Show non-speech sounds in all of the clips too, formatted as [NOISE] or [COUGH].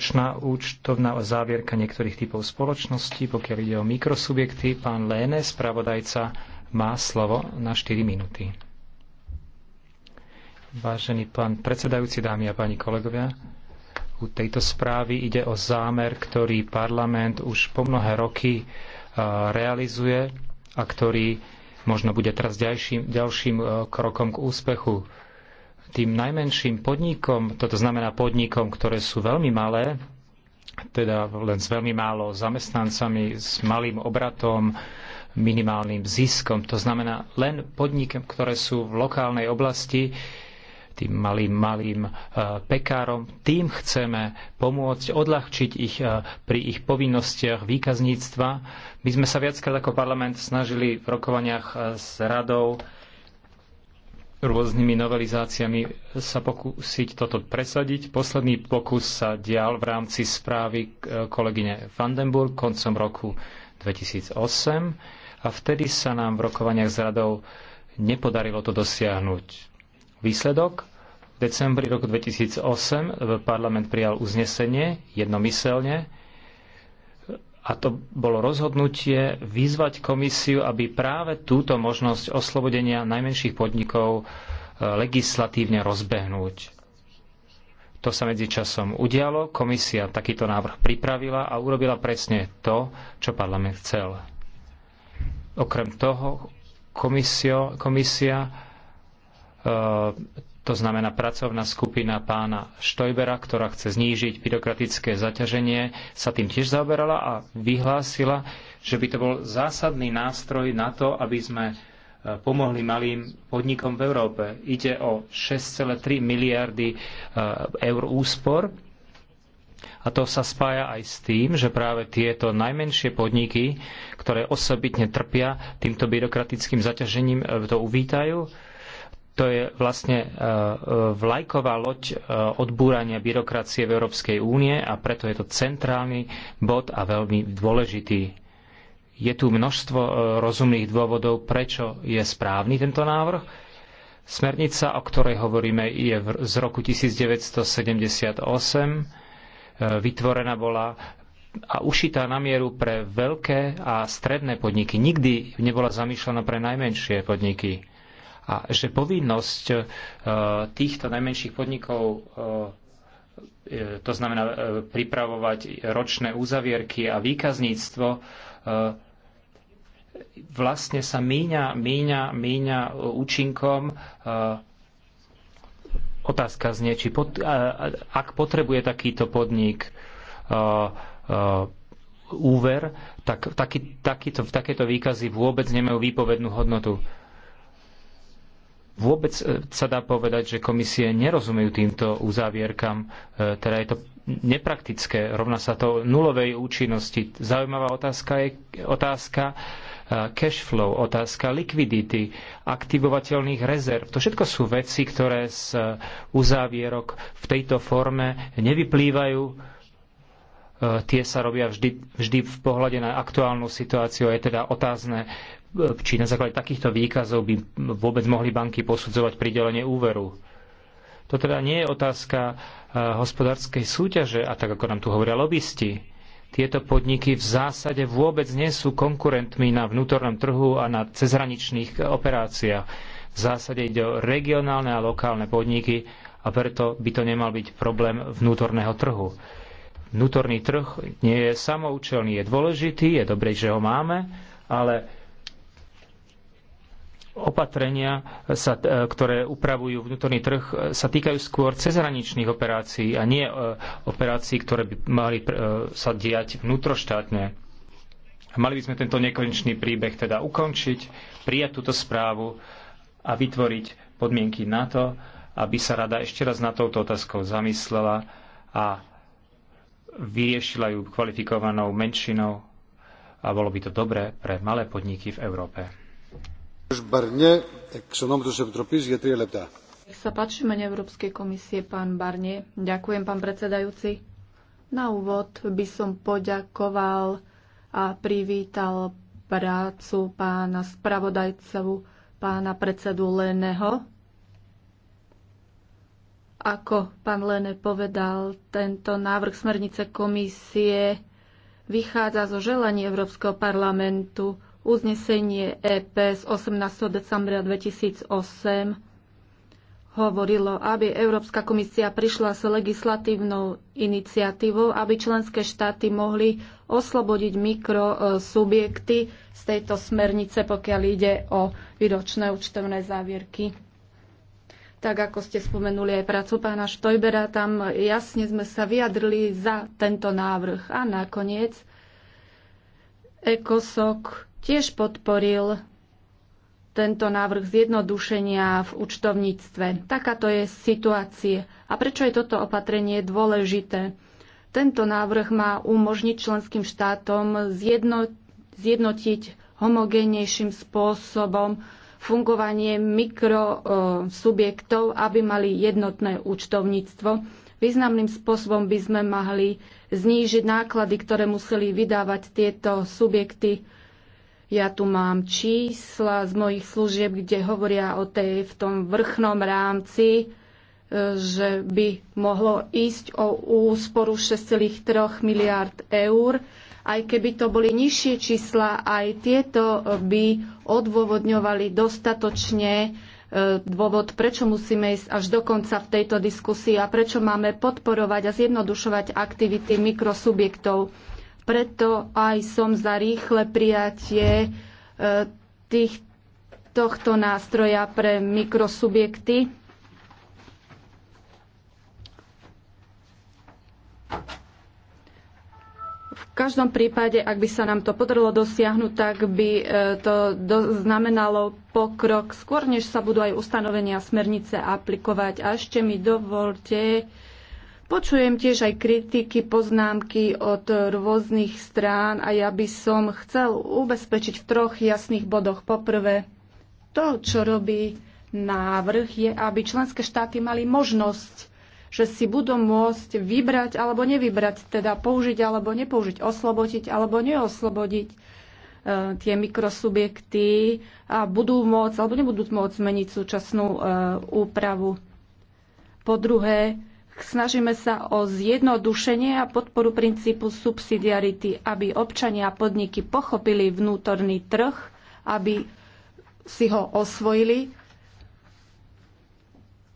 spoločná účtovná závierka niektorých typov spoločnosti. Pokiaľ ide o mikrosubjekty, pán Léne, spravodajca, má slovo na 4 minúty. Vážený pán predsedajúci, dámy a páni kolegovia, u tejto správy ide o zámer, ktorý parlament už po mnohé roky e, realizuje a ktorý možno bude teraz ďalším, ďalším e, krokom k úspechu tým najmenším podnikom, toto znamená podnikom, ktoré sú veľmi malé, teda len s veľmi málo zamestnancami, s malým obratom, minimálnym ziskom. To znamená len podnikom, ktoré sú v lokálnej oblasti, tým malým, malým e, pekárom, tým chceme pomôcť, odľahčiť ich e, pri ich povinnostiach výkazníctva. My sme sa viackrát ako parlament snažili v rokovaniach e, s radou rôznymi novelizáciami sa pokúsiť toto presadiť. Posledný pokus sa dial v rámci správy e, kolegyne Vandenburg koncom roku 2008 a vtedy sa nám v rokovaniach s radou nepodarilo to dosiahnuť. Výsledok? V decembri roku 2008 e, parlament prijal uznesenie jednomyselne, a to bolo rozhodnutie vyzvať komisiu, aby práve túto možnosť oslobodenia najmenších podnikov e, legislatívne rozbehnúť. To sa medzi časom udialo, komisia takýto návrh pripravila a urobila presne to, čo parlament chcel. Okrem toho komisia, komisia e, to znamená pracovná skupina pána Štojbera, ktorá chce znížiť byrokratické zaťaženie, sa tým tiež zaoberala a vyhlásila, že by to bol zásadný nástroj na to, aby sme e, pomohli malým podnikom v Európe. Ide o 6,3 miliardy e, eur úspor a to sa spája aj s tým, že práve tieto najmenšie podniky, ktoré osobitne trpia týmto byrokratickým zaťažením, e, to uvítajú to je vlastne e, e, vlajková loď e, odbúrania byrokracie v Európskej únie a preto je to centrálny bod a veľmi dôležitý. Je tu množstvo rozumných dôvodov, prečo je správny tento návrh. Smernica, o ktorej hovoríme, je z roku 1978. Vytvorená bola a ušitá na mieru pre veľké a stredné podniky. Nikdy nebola zamýšľaná pre najmenšie podniky a že povinnosť e, týchto najmenších podnikov e, e, to znamená pripravovať ročné uzavierky a výkazníctvo, vlastne sa míňa, míňa, míňa účinkom otázka znie, či pot, ak potrebuje takýto podnik úver, tak taký, takýto, takéto výkazy vôbec nemajú výpovednú hodnotu. Vôbec e, sa dá povedať, že komisie nerozumejú týmto uzávierkam, e, teda je to nepraktické, rovná sa to nulovej účinnosti. Zaujímavá otázka je otázka e, cash flow, otázka likvidity, aktivovateľných rezerv. To všetko sú veci, ktoré z uzávierok v tejto forme nevyplývajú. Tie sa robia vždy, vždy v pohľade na aktuálnu situáciu. Je teda otázne, či na základe takýchto výkazov by vôbec mohli banky posudzovať pridelenie úveru. To teda nie je otázka eh, hospodárskej súťaže, a tak ako nám tu hovoria lobbysti. Tieto podniky v zásade vôbec nie sú konkurentmi na vnútornom trhu a na cezhraničných operáciách. V zásade ide o regionálne a lokálne podniky a preto by to nemal byť problém vnútorného trhu. Vnútorný trh nie je samoučelný, je dôležitý, je dobré, že ho máme, ale opatrenia, sa, e, ktoré upravujú vnútorný trh, e, sa týkajú skôr cezhraničných operácií a nie e, operácií, ktoré by mali sa diať vnútroštátne. Mali by sme tento nekonečný príbeh teda ukončiť, prijať túto správu a vytvoriť podmienky na to, aby sa rada ešte raz na touto otázkou zamyslela a vyriešila ju kvalifikovanou menšinou a bolo by to dobré pre malé podniky v Európe. Nech sa páči mene Európskej komisie, pán Barnie. Ďakujem, pán predsedajúci. Na úvod by som poďakoval a privítal prácu pána spravodajcovu, pána predsedu Leného. Ako pán Lene povedal, tento návrh smernice komisie vychádza zo želaní Európskeho parlamentu Uznesenie EP z 18. decembra 2008 hovorilo, aby Európska komisia prišla s legislatívnou iniciatívou, aby členské štáty mohli oslobodiť mikrosubjekty z tejto smernice, pokiaľ ide o výročné účtovné závierky. Tak ako ste spomenuli aj prácu pána Štojbera, tam jasne sme sa vyjadrili za tento návrh. A nakoniec ECOSOC tiež podporil tento návrh zjednodušenia v účtovníctve. Takáto je situácia. A prečo je toto opatrenie dôležité? Tento návrh má umožniť členským štátom zjedno, zjednotiť homogénejším spôsobom fungovanie mikrosubjektov, aby mali jednotné účtovníctvo. Významným spôsobom by sme mohli znížiť náklady, ktoré museli vydávať tieto subjekty ja tu mám čísla z mojich služieb, kde hovoria o tej v tom vrchnom rámci, e, že by mohlo ísť o úsporu 6,3 miliard eur. Aj keby to boli nižšie čísla, aj tieto by odôvodňovali dostatočne e, dôvod, prečo musíme ísť až do konca v tejto diskusii a prečo máme podporovať a zjednodušovať aktivity mikrosubjektov. Preto aj som za rýchle prijatie e, tých, tohto nástroja pre mikrosubjekty. V každom prípade, ak by sa nám to podarilo dosiahnuť, tak by e, to znamenalo pokrok skôr, než sa budú aj ustanovenia smernice aplikovať. A ešte mi dovolte Počujem tiež aj kritiky, poznámky od rôznych strán a ja by som chcel ubezpečiť v troch jasných bodoch. Poprvé, to, čo robí návrh, je, aby členské štáty mali možnosť že si budú môcť vybrať alebo nevybrať, teda použiť alebo nepoužiť, oslobodiť alebo neoslobodiť e, tie mikrosubjekty a budú môcť alebo nebudú môcť zmeniť súčasnú e, úpravu. Po druhé, snažíme sa o zjednodušenie a podporu princípu subsidiarity, aby občania a podniky pochopili vnútorný trh, aby si ho osvojili.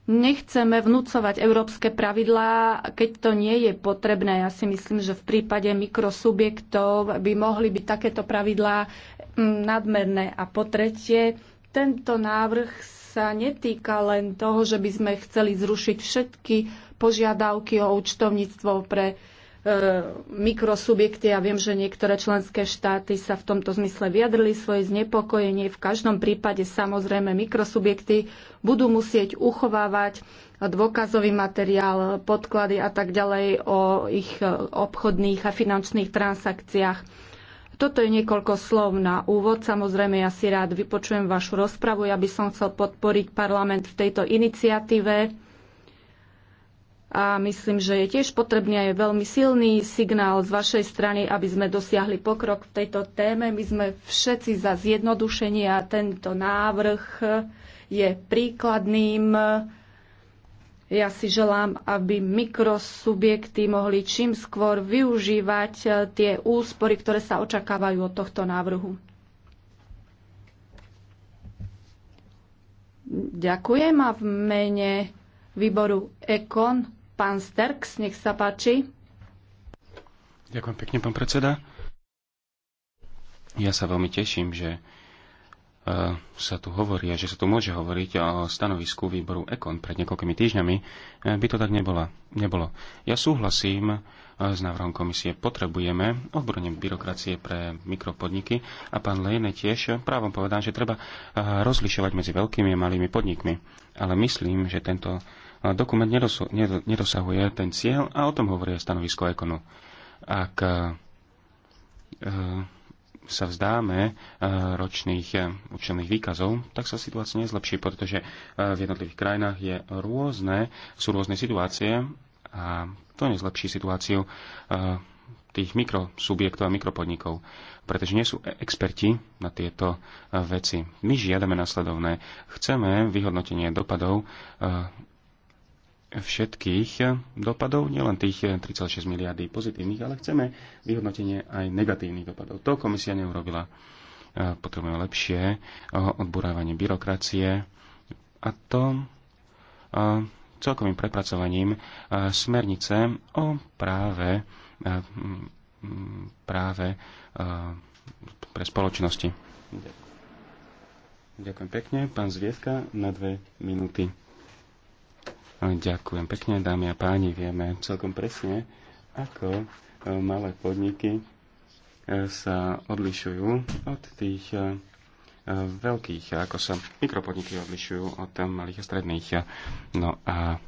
Nechceme vnúcovať európske pravidlá, keď to nie je potrebné. Ja si myslím, že v prípade mikrosubjektov by mohli byť takéto pravidlá mm, nadmerné. A po tretie, tento návrh sa netýka len toho, že by sme chceli zrušiť všetky požiadavky o účtovníctvo pre e, mikrosubjekty. Ja viem, že niektoré členské štáty sa v tomto zmysle vyjadrili svoje znepokojenie. V každom prípade samozrejme mikrosubjekty budú musieť uchovávať dôkazový materiál, podklady a tak ďalej o ich e, obchodných a finančných transakciách. Toto je niekoľko slov na úvod. Samozrejme, ja si rád vypočujem vašu rozpravu. Ja by som chcel podporiť parlament v tejto iniciatíve a myslím, že je tiež potrebný aj veľmi silný signál z vašej strany, aby sme dosiahli pokrok v tejto téme. My sme všetci za zjednodušenie a tento návrh je príkladným. Ja si želám, aby mikrosubjekty mohli čím skôr využívať tie úspory, ktoré sa očakávajú od tohto návrhu. Ďakujem a v mene výboru EKON Pán Sterks, nech sa páči. Ďakujem pekne, pán predseda. Ja sa veľmi teším, že e, sa tu hovorí a že sa tu môže hovoriť o stanovisku výboru EKON pred niekoľkými týždňami, e, by to tak nebola, nebolo. Ja súhlasím e, s návrhom komisie. Potrebujeme odborne byrokracie pre mikropodniky a pán Lejne tiež právom povedal, že treba rozlišovať medzi veľkými a malými podnikmi. Ale myslím, že tento dokument nedosahuje ten cieľ a o tom hovorí stanovisko Ekonu. Ak e, e, sa vzdáme e, ročných účelných výkazov, tak sa situácia nezlepší, pretože v jednotlivých krajinách je rôzne, sú rôzne situácie a to nezlepší situáciu tých mikrosubjektov a mikropodnikov, pretože nie sú experti na tieto veci. My žiadame nasledovné. Chceme vyhodnotenie dopadov všetkých dopadov, nielen tých 3,6 eh, miliardy pozitívnych, ale chceme vyhodnotenie aj negatívnych dopadov. To komisia neurobila. Eh, potrebujeme lepšie eh, odburávanie byrokracie a to celkovým prepracovaním smernice o práve práve pre spoločnosti. Ďakujem pekne. Pán Zviedka na dve minúty. Ďakujem pekne, dámy a páni. Vieme celkom presne, ako e, malé podniky e, sa odlišujú od tých e, veľkých, ako sa mikropodniky odlišujú od malých a stredných. No a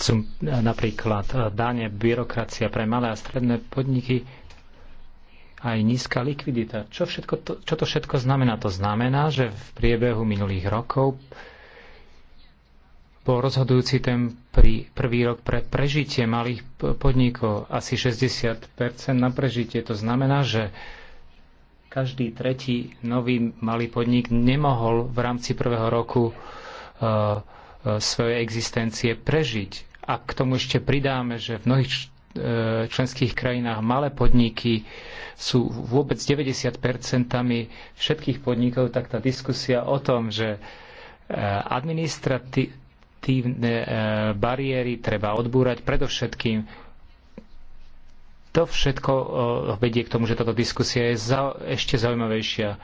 sú napríklad dáne, byrokracia pre malé a stredné podniky aj nízka likvidita. Čo, všetko to, čo to všetko znamená? To znamená, že v priebehu minulých rokov bol rozhodujúci ten prí, prvý rok pre prežitie malých podnikov, asi 60% na prežitie. To znamená, že každý tretí nový malý podnik nemohol v rámci prvého roku uh, svojej existencie prežiť. A k tomu ešte pridáme, že v mnohých Eh, členských krajinách malé podniky sú vôbec 90% všetkých podnikov, tak tá diskusia o tom, že eh, administratívne eh, bariéry treba odbúrať predovšetkým to všetko vedie k tomu, že táto diskusia je za, ešte zaujímavejšia.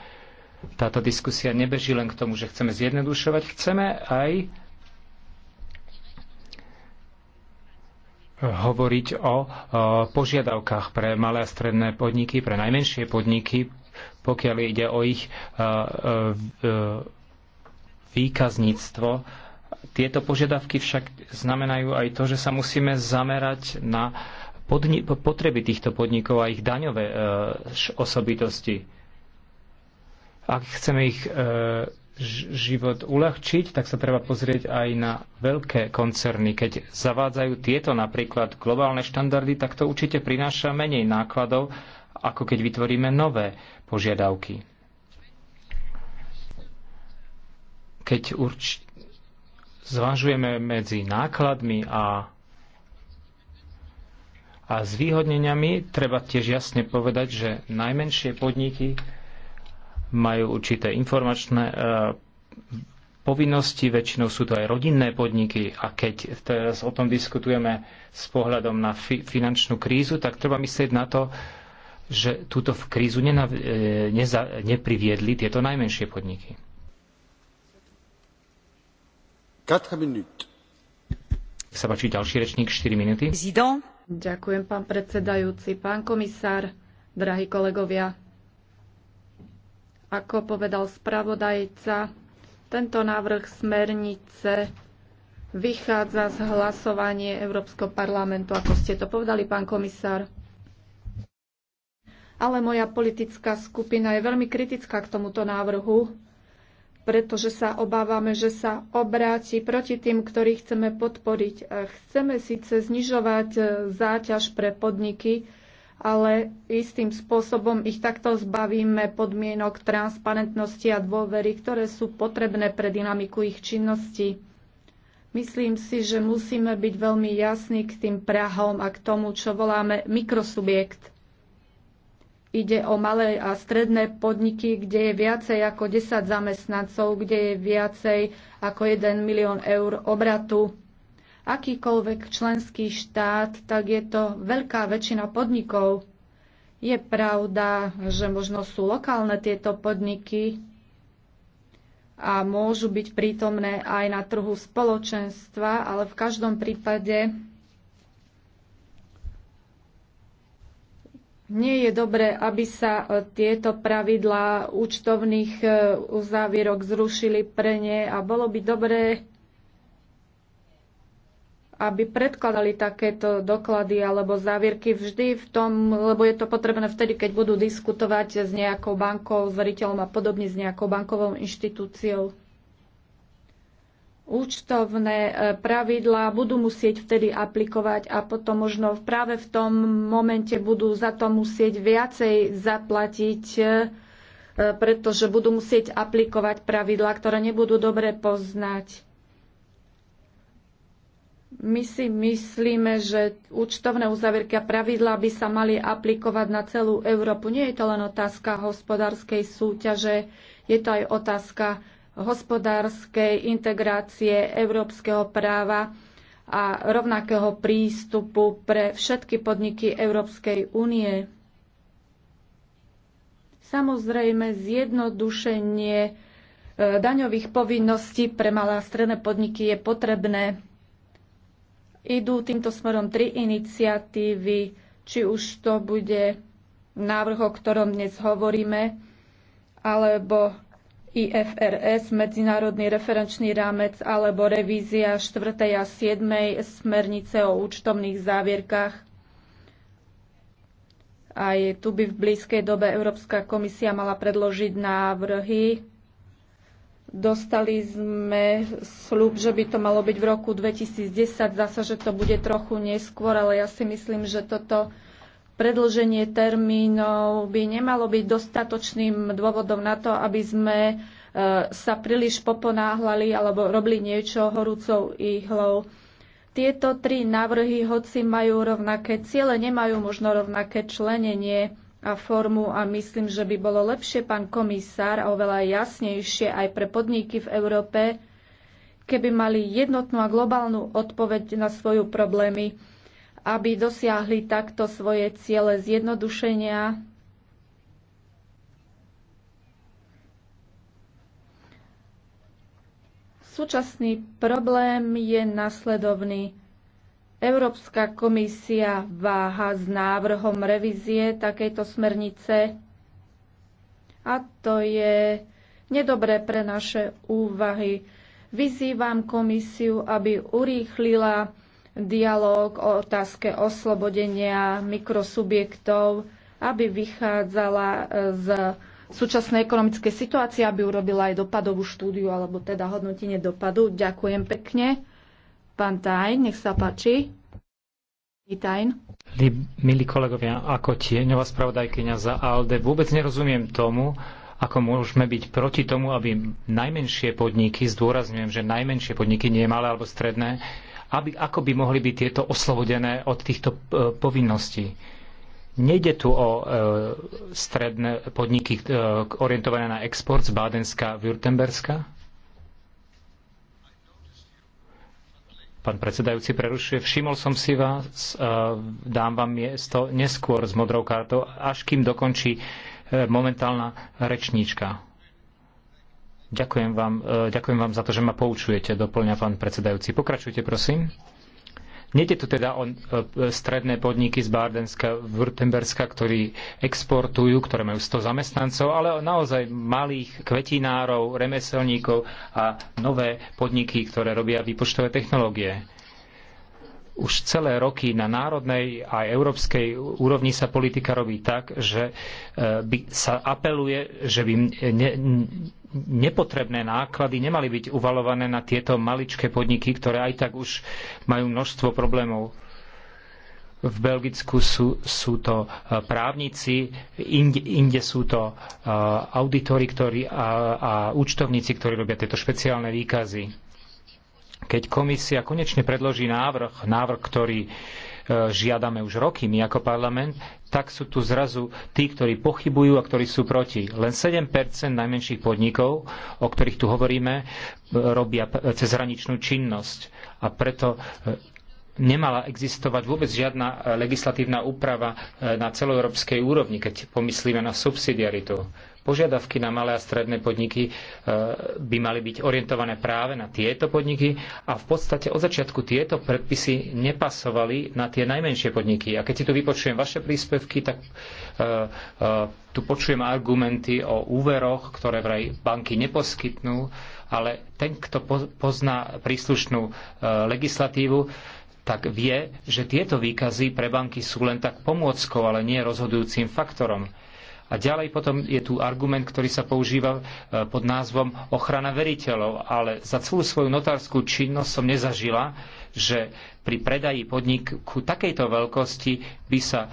Táto diskusia nebeží len k tomu, že chceme zjednodušovať, chceme aj hovoriť o požiadavkách pre malé a stredné podniky, pre najmenšie podniky, pokiaľ ide o ich e, e, e, výkazníctvo. Tieto požiadavky však znamenajú aj to, že sa musíme zamerať na potreby týchto podnikov a ich daňové osobitosti. Ak chceme ich život uľahčiť, tak sa treba pozrieť aj na veľké koncerny. Keď zavádzajú tieto napríklad globálne štandardy, tak to určite prináša menej nákladov, ako keď vytvoríme nové požiadavky. Keď urč- zvažujeme medzi nákladmi a a zvýhodneniami treba tiež jasne povedať, že najmenšie podniky majú určité informačné e, povinnosti, väčšinou sú to aj rodinné podniky a keď teraz o tom diskutujeme s pohľadom na fi- finančnú krízu, tak treba myslieť na to, že túto krízu nenav- e, neza- nepriviedli tieto najmenšie podniky. 4 Sa páči ďalší rečník, 4 minúty. Ďakujem, pán predsedajúci, pán komisár, drahí kolegovia. Ako povedal spravodajca, tento návrh smernice vychádza z hlasovanie Európskeho parlamentu, ako ste to povedali, pán komisár. Ale moja politická skupina je veľmi kritická k tomuto návrhu, pretože sa obávame, že sa obráti proti tým, ktorí chceme podporiť. Chceme síce znižovať eh, záťaž pre podniky, ale istým spôsobom ich takto zbavíme podmienok transparentnosti a dôvery, ktoré sú potrebné pre dynamiku ich činnosti. Myslím si, že musíme byť veľmi jasní k tým prahom a k tomu, čo voláme mikrosubjekt. Ide o malé a stredné podniky, kde je viacej ako 10 zamestnancov, kde je viacej ako 1 milión eur obratu akýkoľvek členský štát, tak je to veľká väčšina podnikov. Je pravda, že možno sú lokálne tieto podniky a môžu byť prítomné aj na trhu spoločenstva, ale v každom prípade Nie je dobré, aby sa e, tieto pravidlá účtovných e, uzávierok zrušili pre ne a bolo by dobré, aby predkladali takéto doklady alebo závierky vždy v tom, lebo je to potrebné vtedy, keď budú diskutovať s nejakou bankou, s veriteľom a podobne s nejakou bankovou inštitúciou. Účtovné e, pravidlá budú musieť vtedy aplikovať a potom možno práve v tom momente budú za to musieť viacej zaplatiť, e, pretože budú musieť aplikovať pravidlá, ktoré nebudú dobre poznať my si myslíme, že účtovné uzavierky a pravidlá by sa mali aplikovať na celú Európu. Nie je to len otázka hospodárskej súťaže, je to aj otázka hospodárskej integrácie európskeho práva a rovnakého prístupu pre všetky podniky Európskej únie. Samozrejme, zjednodušenie e, daňových povinností pre malé a stredné podniky je potrebné Idú týmto smerom tri iniciatívy, či už to bude návrh, o ktorom dnes hovoríme, alebo IFRS, Medzinárodný referenčný rámec, alebo revízia 4. a 7. smernice o účtovných závierkách. Aj tu by v blízkej dobe Európska komisia mala predložiť návrhy Dostali sme slúb, že by to malo byť v roku 2010. Zasa, že to bude trochu neskôr, ale ja si myslím, že toto predlženie termínov by nemalo byť dostatočným dôvodom na to, aby sme e, sa príliš poponáhľali alebo robili niečo horúcou ihlou. Tieto tri návrhy, hoci majú rovnaké ciele, nemajú možno rovnaké členenie formu a myslím, že by bolo lepšie, pán komisár, a oveľa jasnejšie aj pre podniky v Európe, keby mali jednotnú a globálnu odpoveď na svoju problémy, aby dosiahli takto svoje ciele zjednodušenia Súčasný problém je nasledovný. Európska komisia váha s návrhom revízie takejto smernice a to je nedobré pre naše úvahy. Vyzývam komisiu, aby urýchlila dialog o otázke oslobodenia mikrosubjektov, aby vychádzala e, z súčasnej ekonomickej situácie, aby urobila aj dopadovú štúdiu alebo teda hodnotenie dopadu. Ďakujem pekne. Pán Tajn, nech sa páči. Tajn. Milí kolegovia, ako tieňová spravodajkyňa za ALDE vôbec nerozumiem tomu, ako môžeme byť proti tomu, aby najmenšie podniky, zdôrazňujem, že najmenšie podniky, nie malé alebo stredné, aby, ako by mohli byť tieto oslobodené od týchto e, povinností. Nejde tu o e, stredné podniky e, orientované na export z Bádenska a Württemberska? Pán predsedajúci prerušuje. Všimol som si vás, e, dám vám miesto neskôr s modrou kartou, až kým dokončí e, momentálna rečníčka. Ďakujem vám, e, ďakujem vám za to, že ma poučujete, doplňa pán predsedajúci. Pokračujte, prosím. Nede tu teda o e, stredné podniky z Bardenska, Württemberska, ktorí exportujú, ktoré majú 100 zamestnancov, ale o naozaj malých kvetinárov, remeselníkov a nové podniky, ktoré robia výpočtové technológie už celé roky na národnej a európskej úrovni sa politika robí tak, že e, by sa apeluje, že by ne, nepotrebné náklady nemali byť uvalované na tieto maličké podniky, ktoré aj tak už majú množstvo problémov. V Belgicku sú, sú to e, právnici, inde, inde sú to e, auditori ktorí, a, a účtovníci, ktorí robia tieto špeciálne výkazy keď komisia konečne predloží návrh, návrh, ktorý e, žiadame už roky my ako parlament, tak sú tu zrazu tí, ktorí pochybujú a ktorí sú proti. Len 7 najmenších podnikov, o ktorých tu hovoríme, e, robia cezhraničnú činnosť. A preto e, nemala existovať vôbec žiadna legislatívna úprava na celoeurópskej úrovni, keď pomyslíme na subsidiaritu. Požiadavky na malé a stredné podniky e, by mali byť orientované práve na tieto podniky a v podstate od začiatku tieto predpisy nepasovali na tie najmenšie podniky. A keď si tu vypočujem vaše príspevky, tak e, e, tu počujem argumenty o úveroch, ktoré vraj banky neposkytnú, ale ten, kto pozná príslušnú legislatívu, tak vie, že tieto výkazy pre banky sú len tak pomôckou, ale nie rozhodujúcim faktorom. A ďalej potom je tu argument, ktorý sa používa e, pod názvom ochrana veriteľov, ale za celú svoju notárskú činnosť som nezažila, že pri predaji podniku takejto veľkosti by sa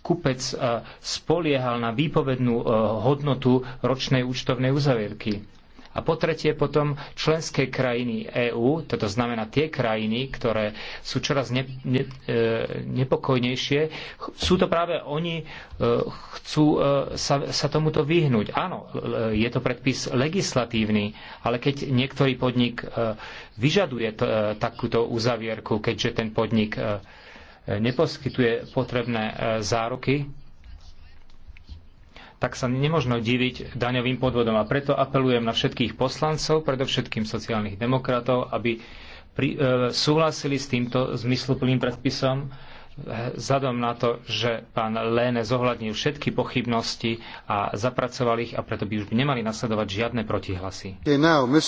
kupec e, spoliehal na výpovednú e, hodnotu ročnej účtovnej uzavierky a po tretie potom členské krajiny EÚ, toto znamená tie krajiny, ktoré sú čoraz ne, ne, e, nepokojnejšie, sú to práve oni, e, chcú e, sa, sa tomuto vyhnúť. Áno, je to predpis legislatívny, ale keď niektorý podnik vyžaduje takúto uzavierku, keďže ten podnik neposkytuje potrebné záruky, tak sa nemožno diviť daňovým podvodom. A preto apelujem na všetkých poslancov, predovšetkým sociálnych demokratov, aby pri, e, súhlasili s týmto zmysluplným predpisom, e, vzhľadom na to, že pán Léne zohľadnil všetky pochybnosti a zapracoval ich a preto by už nemali nasledovať žiadne protihlasy. Okay, now, uh,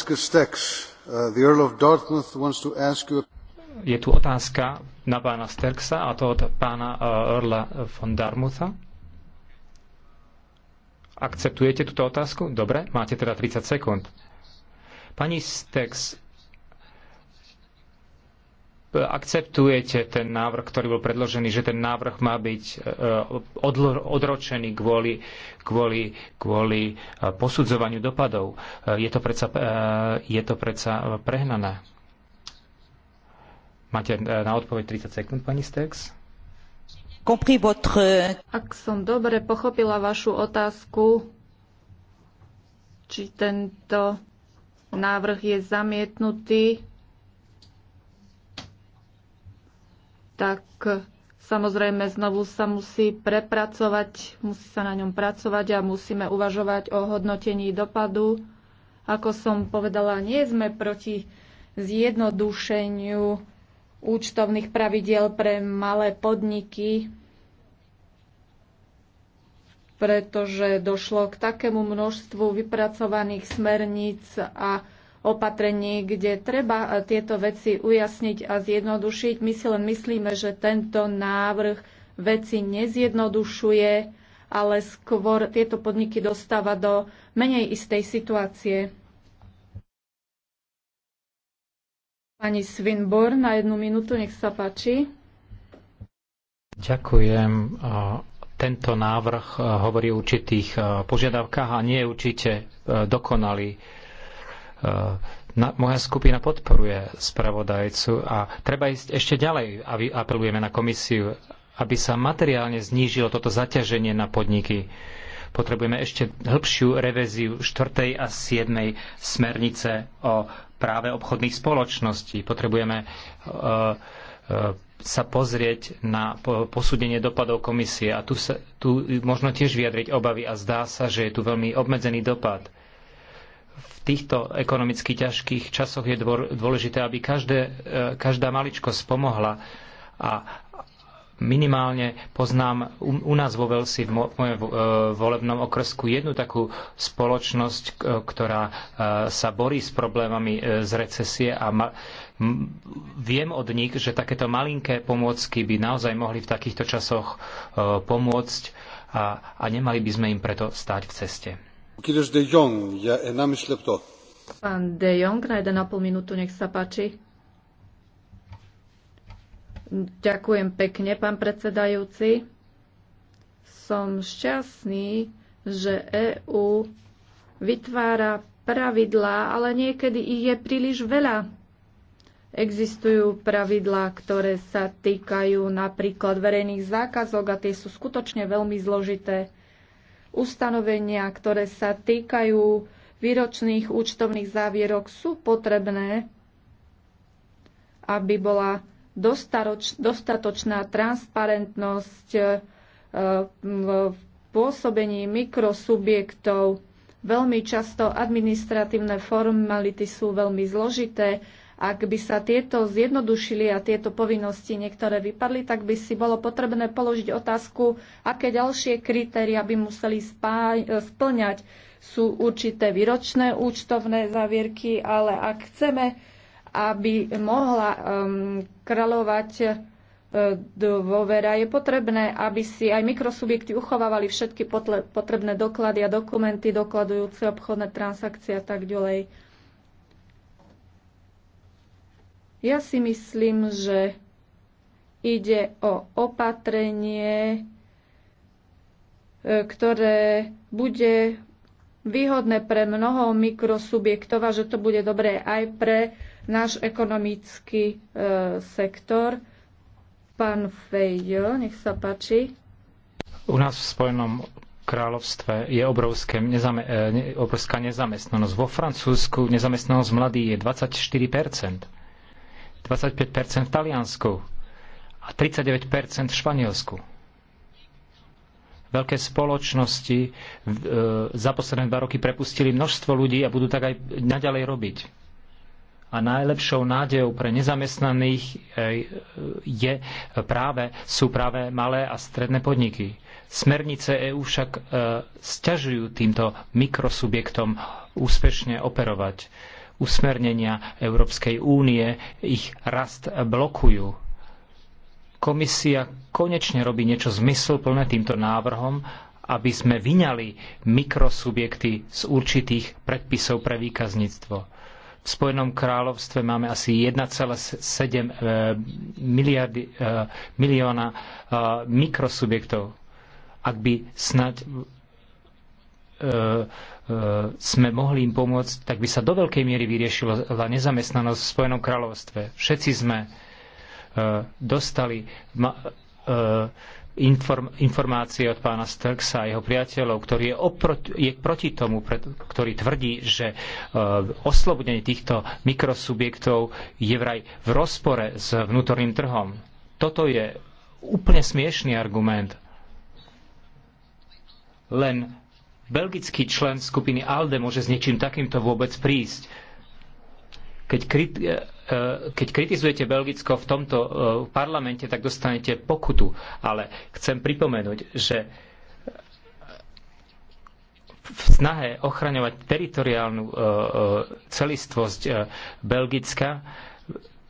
Je tu otázka na pána Sterksa a to od pána uh, e, Orla von Darmutha. Akceptujete túto otázku? Dobre, máte teda 30 sekúnd. Pani Stex, akceptujete ten návrh, ktorý bol predložený, že ten návrh má byť e, odročený kvôli, kvôli, kvôli e, posudzovaniu dopadov. E, je to predsa, je to predsa prehnané. Máte na odpoveď 30 sekúnd, pani Stex? compris votre... Ak som dobre pochopila vašu otázku, či tento návrh je zamietnutý, tak samozrejme znovu sa musí prepracovať, musí sa na ňom pracovať a musíme uvažovať o hodnotení dopadu. Ako som povedala, nie sme proti zjednodušeniu účtovných pravidiel pre malé podniky, pretože došlo k takému množstvu vypracovaných smerníc a opatrení, kde treba tieto veci ujasniť a zjednodušiť. My si len myslíme, že tento návrh veci nezjednodušuje, ale skôr tieto podniky dostáva do menej istej situácie. Pani Svinbor, na jednu minútu, nech sa páči. Ďakujem. Tento návrh e, hovorí o určitých e, požiadavkách a nie je určite e, dokonalý. moja skupina podporuje spravodajcu a treba ísť ešte ďalej a apelujeme na komisiu, aby sa materiálne znížilo toto zaťaženie na podniky. Potrebujeme ešte hĺbšiu revéziu 4. a 7. smernice o práve obchodných spoločností. Potrebujeme e, e, sa pozrieť na posúdenie dopadov komisie. A tu, sa, tu možno tiež vyjadriť obavy a zdá sa, že je tu veľmi obmedzený dopad. V týchto ekonomicky ťažkých časoch je dôležité, aby každé, e, každá maličko spomohla a minimálne poznám u, u nás vo Velsi v mojom e, volebnom okresku jednu takú spoločnosť, ktorá e, sa borí s problémami e, z recesie a ma, viem od nich, že takéto malinké pomôcky by naozaj mohli v takýchto časoch pomôcť a, a nemali by sme im preto stáť v ceste. Pán De Jong, na 1,5 minútu, nech sa páči. Ďakujem pekne, pán predsedajúci. Som šťastný, že EÚ vytvára pravidlá, ale niekedy ich je príliš veľa. Existujú pravidlá, ktoré sa týkajú napríklad verejných zákazok a tie sú skutočne veľmi zložité. Ustanovenia, ktoré sa týkajú výročných účtovných závierok, sú potrebné, aby bola dostatočná transparentnosť e, v pôsobení mikrosubjektov. Veľmi často administratívne formality sú veľmi zložité. Ak by sa tieto zjednodušili a tieto povinnosti niektoré vypadli, tak by si bolo potrebné položiť otázku, aké ďalšie kritéria by museli splňať. Sú určité výročné účtovné závierky, ale ak chceme aby mohla um, kráľovať uh, dôvera, je potrebné, aby si aj mikrosubjekty uchovávali všetky potrebné doklady a dokumenty dokladujúce obchodné transakcie a tak ďalej. Ja si myslím, že ide o opatrenie, uh, ktoré bude výhodné pre mnoho mikrosubjektov a že to bude dobré aj pre náš ekonomický e, sektor. Pán Fejo, nech sa páči. U nás v Spojenom kráľovstve je obrovské, nezame, e, ne, obrovská nezamestnanosť. Vo Francúzsku nezamestnanosť mladí je 24%, 25% v Taliansku a 39% v Španielsku. Veľké spoločnosti e, za posledné dva roky prepustili množstvo ľudí a budú tak aj naďalej robiť a najlepšou nádejou pre nezamestnaných e, je práve, sú práve malé a stredné podniky. Smernice EÚ však e, sťažujú týmto mikrosubjektom úspešne operovať. Usmernenia Európskej únie ich rast blokujú. Komisia konečne robí niečo zmysluplné týmto návrhom aby sme vyňali mikrosubjekty z určitých predpisov pre výkazníctvo v Spojenom kráľovstve máme asi 1,7 eh, miliardy, eh, milióna eh, mikrosubjektov. Ak by snať sme mohli im pomôcť, tak by sa do veľkej miery vyriešila nezamestnanosť v Spojenom kráľovstve. Všetci sme dostali inform, informácie od pána Sturksa a jeho priateľov, ktorý je, oproti, je proti tomu, pred, ktorý tvrdí, že uh, oslobodenie týchto mikrosubjektov je vraj v rozpore s vnútorným trhom. Toto je úplne smiešný argument. Len belgický člen skupiny ALDE môže s niečím takýmto vôbec prísť. Keď, krit, e, e, keď kritizujete Belgicko v tomto e, parlamente, tak dostanete pokutu. Ale chcem pripomenúť, že v snahe ochraňovať teritoriálnu celistvosť Belgicka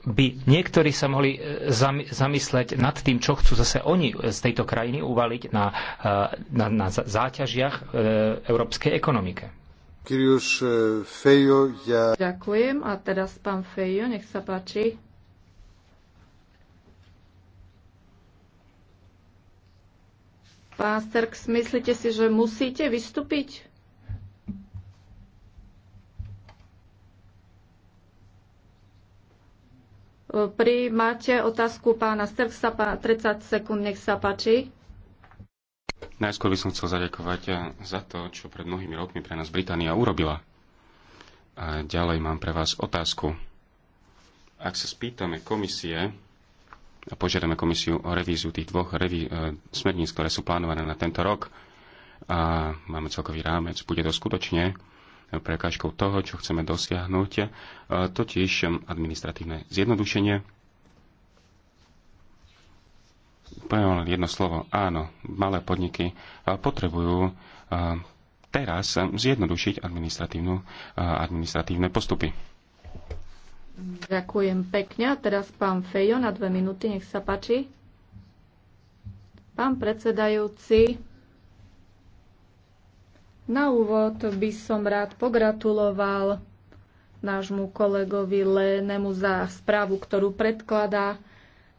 by niektorí sa mohli zamysleť nad tým, čo chcú zase oni z tejto krajiny uvaliť na, na, na záťažiach európskej ekonomike. Eh, Ďakujem. A teraz pán Fejo, nech sa páči. Pán Sterk, myslíte si, že musíte vystúpiť? máte otázku pána Sterksa, pán 30 sekúnd, nech sa páči. Najskôr by som chcel zaďakovať eh, za to, čo pred mnohými rokmi pre nás Británia urobila. A ďalej mám pre vás otázku. Ak sa spýtame komisie a požiadame komisiu o revíziu tých dvoch reví- eh, smerníc, ktoré sú plánované na tento rok, a máme celkový rámec, bude to skutočne prekážkou toho, čo chceme dosiahnuť, eh, totiž administratívne zjednodušenie Poviem len jedno slovo. Áno, malé podniky e, potrebujú e, teraz zjednodušiť e, administratívne postupy. Ďakujem pekne. teraz pán Fejo na dve minúty, nech sa páči. Pán predsedajúci, na úvod by som rád pogratuloval nášmu kolegovi Lénemu za správu, ktorú predkladá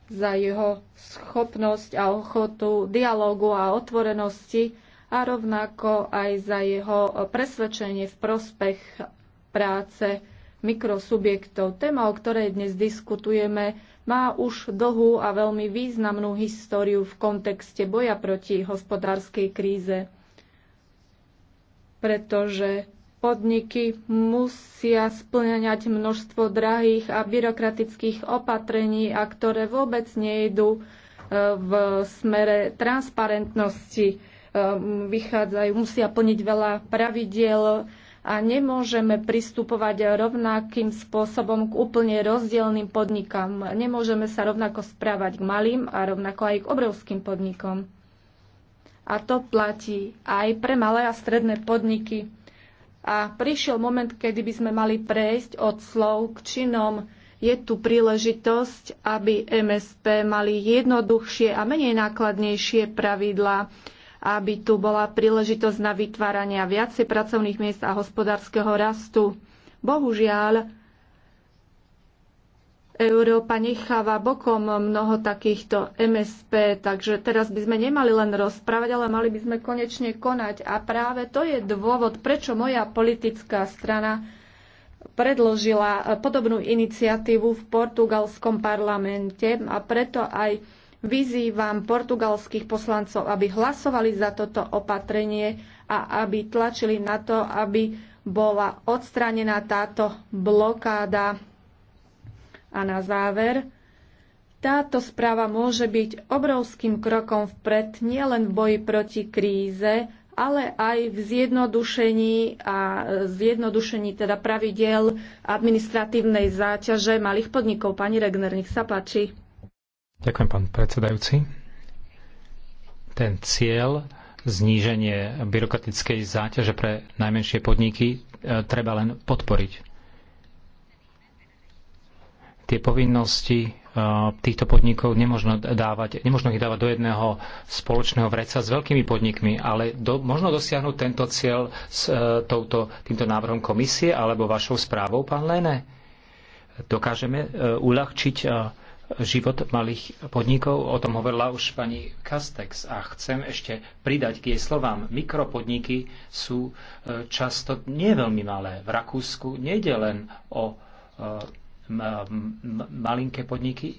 za jeho schopnosť a ochotu dialogu a otvorenosti a rovnako aj za jeho presvedčenie v prospech práce mikrosubjektov. Téma, o ktorej dnes diskutujeme, má už dlhú a veľmi významnú históriu v kontexte boja proti hospodárskej kríze, pretože podniky musia splňať množstvo drahých a byrokratických opatrení, a ktoré vôbec nejdu e, v smere transparentnosti. E, vychádzajú, musia plniť veľa pravidiel a nemôžeme pristupovať rovnakým spôsobom k úplne rozdielným podnikám. Nemôžeme sa rovnako správať k malým a rovnako aj k obrovským podnikom. A to platí aj pre malé a stredné podniky a prišiel moment, kedy by sme mali prejsť od slov k činom. Je tu príležitosť, aby MSP mali jednoduchšie a menej nákladnejšie pravidlá, aby tu bola príležitosť na vytvárania viacej pracovných miest a hospodárskeho rastu. Bohužiaľ, Európa necháva bokom mnoho takýchto MSP, takže teraz by sme nemali len rozprávať, ale mali by sme konečne konať. A práve to je dôvod, prečo moja politická strana predložila eh, podobnú iniciatívu v portugalskom parlamente a preto aj vyzývam portugalských poslancov, aby hlasovali za toto opatrenie a aby tlačili na to, aby bola odstranená táto blokáda a na záver, táto správa môže byť obrovským krokom vpred nielen v boji proti kríze, ale aj v zjednodušení a zjednodušení teda pravidiel administratívnej záťaže malých podnikov. Pani Regner, nech sa páči. Ďakujem, pán predsedajúci. Ten cieľ zníženie byrokratickej záťaže pre najmenšie podniky e, treba len podporiť tie povinnosti eh, týchto podnikov nemôžno, dávať, nemôžno ich dávať do jedného spoločného vreca s veľkými podnikmi, ale do, možno dosiahnuť tento cieľ s e, touto, týmto návrhom komisie alebo vašou správou, pán Lene? Dokážeme e, uľahčiť e, život malých podnikov? O tom hovorila už pani Kastex a chcem ešte pridať k jej slovám. Mikropodniky sú e, často nie veľmi malé. V Rakúsku nejde len o e, malinké podniky,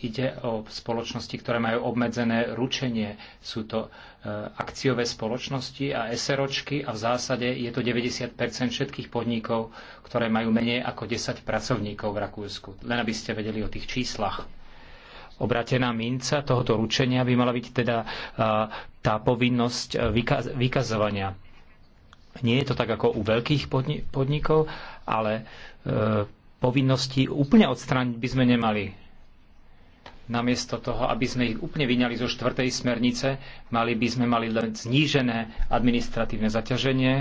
ide o spoločnosti, ktoré majú obmedzené ručenie. Sú to e, akciové spoločnosti a SROčky a v zásade je to 90 všetkých podnikov, ktoré majú menej ako 10 pracovníkov v Rakúsku. Len aby ste vedeli o tých číslach. Obratená minca tohoto ručenia by mala byť teda e, tá povinnosť vykaz- vykazovania. Nie je to tak ako u veľkých podnikov, ale e, povinnosti úplne odstrániť by sme nemali. Namiesto toho, aby sme ich úplne vyňali zo štvrtej smernice, mali by sme mali len znížené administratívne zaťaženie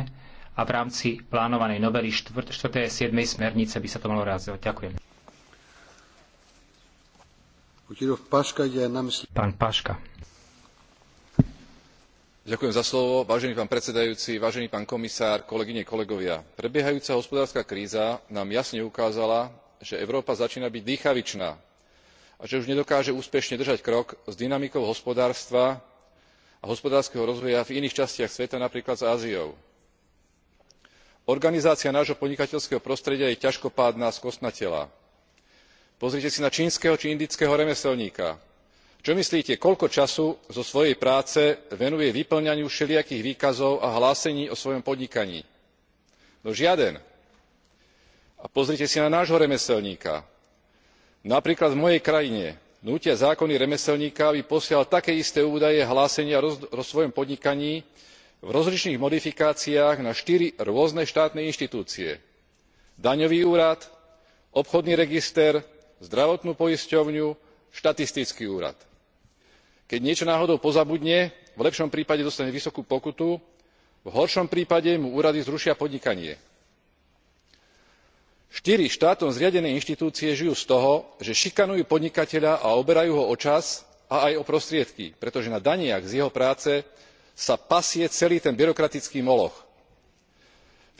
a v rámci plánovanej novely 4. a 7. smernice by sa to malo realizovať. Ďakujem. Pán Paška prebiehajúca hospodárska kríza nám jasne ukázala že európa začína byť dýchavičná a že už nedokáže úspešne držať krok s dynamikou hospodárstva a hospodárskeho rozvoja v iných častiach sveta napríklad s áziou. organizácia nášho podnikateľského prostredia je ťažkopádna a skostnatelá. pozrite si na čínskeho či indického remeselníka čo myslíte koľko času zo svojej práce venuje vypĺňaniu všelijakých výkazov a hlásení o svojom podnikaní? no žiaden. a pozrite sa na nášho remeselníka. napríklad v mojej krajine nútia zákony remeselníka aby posielal také isté údaje hlásenia o svojom podnikaní v rozličných modifikáciách na štyri rôzne štátne inštitúcie daňový úrad obchodný register zdravotnú poisťovňu štatistický úrad keď niečo náhodou pozabudne v lepšom prípade dostane vysokú pokutu v horšom prípade mu úrady zrušia podnikanie. štyri štátom zriadené inštitúcie žijú z toho že šikanujú podnikateľa a oberajú ho o čas a aj o prostriedky pretože na daniach z jeho práce sa pasie celý ten byrokratický moloch.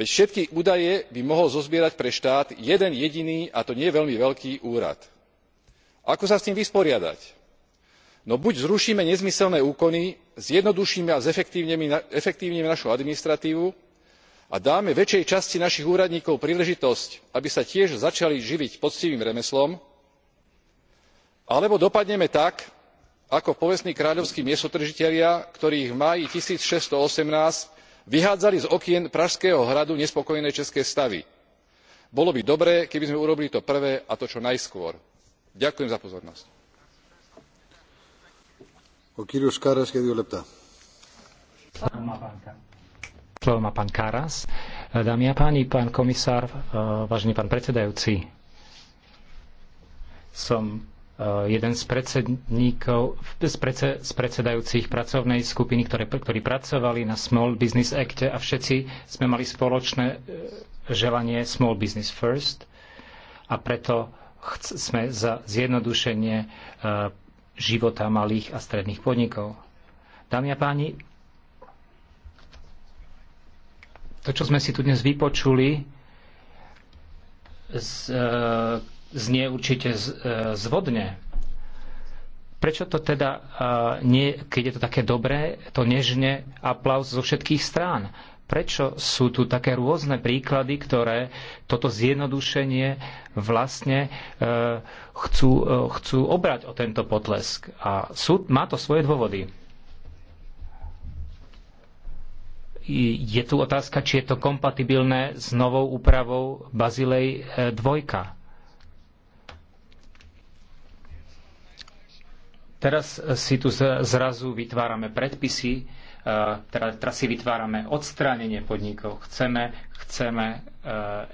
veď všetky údaje by mohol zozbierať pre štát jeden jediný a to nie veľmi veľký úrad. ako sa s tým vysporiadať? no buď zrušíme nezmyselné úkony zjednodušíme a zefektívnime našu administratívu a dáme väčšej časti našich úradníkov príležitosť aby sa tiež začali živiť poctivým remeslom alebo dopadneme tak ako povestní kráľovskí miestodržitelia ktorých v máji one thousand six hundred and eighteen vyhádzali z okien pražského hradu nespokojné české stavy. bolo by dobré keby sme urobili to prvé a to čo najskôr. ďakujem za pozornosť. Slovo pán Karas. Dámy a páni, pán komisár, eh, vážený pán predsedajúci, som eh, jeden z predsedníkov, z, z predsedajúcich pracovnej skupiny, ktoré, ktorí pracovali na Small Business Acte a všetci sme mali spoločné eh, želanie Small Business First a preto sme za zjednodušenie života malých a stredných podnikov. Dámy a páni, to, čo sme si tu dnes vypočuli, z, e, znie určite z, e, zvodne. Prečo to teda, e, nie, keď je to také dobré, to nežne aplauz zo všetkých strán? prečo sú tu také rôzne príklady, ktoré toto zjednodušenie vlastne e, chcú, e, chcú obrať o tento potlesk. A súd má to svoje dôvody. Je tu otázka, či je to kompatibilné s novou úpravou Bazilej 2. E, Teraz si tu zrazu vytvárame predpisy, Eh, teraz si vytvárame odstránenie podnikov. Chceme, chceme eh,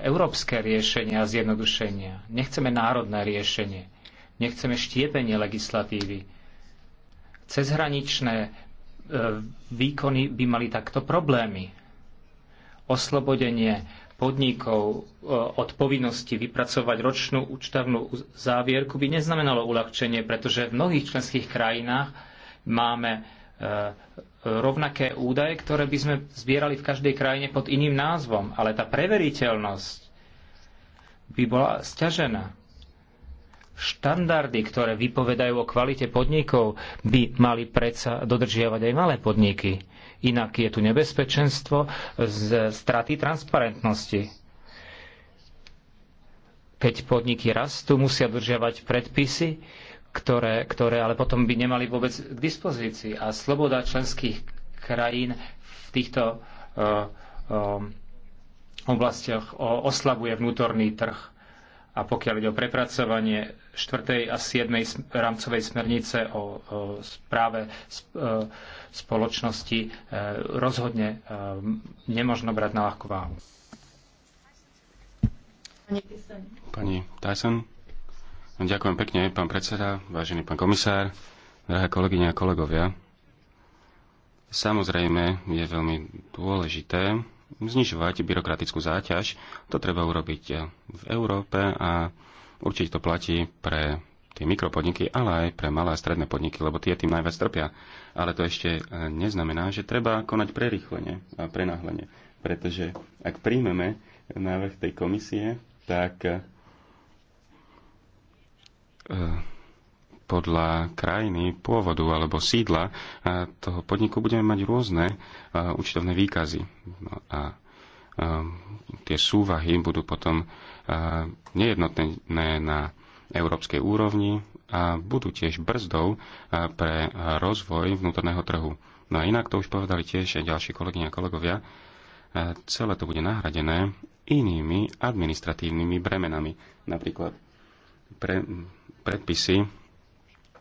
európske riešenia a zjednodušenia. Nechceme národné riešenie. Nechceme štiepenie legislatívy. Cezhraničné eh, výkony by mali takto problémy. Oslobodenie podnikov od povinnosti vypracovať ročnú účtavnú závierku by neznamenalo uľahčenie, pretože v mnohých členských krajinách máme rovnaké údaje, ktoré by sme zbierali v každej krajine pod iným názvom, ale tá preveriteľnosť by bola sťažená. Štandardy, ktoré vypovedajú o kvalite podnikov, by mali predsa dodržiavať aj malé podniky. Inak je tu nebezpečenstvo z straty transparentnosti. Keď podniky rastú, musia dodržiavať predpisy, ktoré, ktoré ale potom by nemali vôbec k dispozícii. A sloboda členských krajín v týchto uh, um, oblastiach oslabuje vnútorný trh. A pokiaľ ide o prepracovanie 4. a 7. rámcovej smernice o, o správe eh, spoločnosti, rozhodne nemožno brať na ľahkú váhu. Pani Tyson. Ďakujem pekne, pán predseda, vážený pán komisár, drahé kolegyne a kolegovia. Samozrejme je veľmi dôležité znižovať byrokratickú záťaž. To treba urobiť v Európe a určite to platí pre tie mikropodniky, ale aj pre malé a stredné podniky, lebo tie tým najviac trpia. Ale to ešte neznamená, že treba konať prerýchlenie a prenáhlenie, pretože ak príjmeme návrh tej komisie, tak E, podľa krajiny pôvodu alebo sídla e, toho podniku budeme mať rôzne e, účtovné výkazy. No a tie súvahy budú potom nejednotné na európskej úrovni a budú tiež brzdou pre rozvoj vnútorného trhu. No a inak to už povedali tiež ďalší kolegyne a kolegovia, celé to bude nahradené inými administratívnymi bremenami. Napríklad pre, predpisy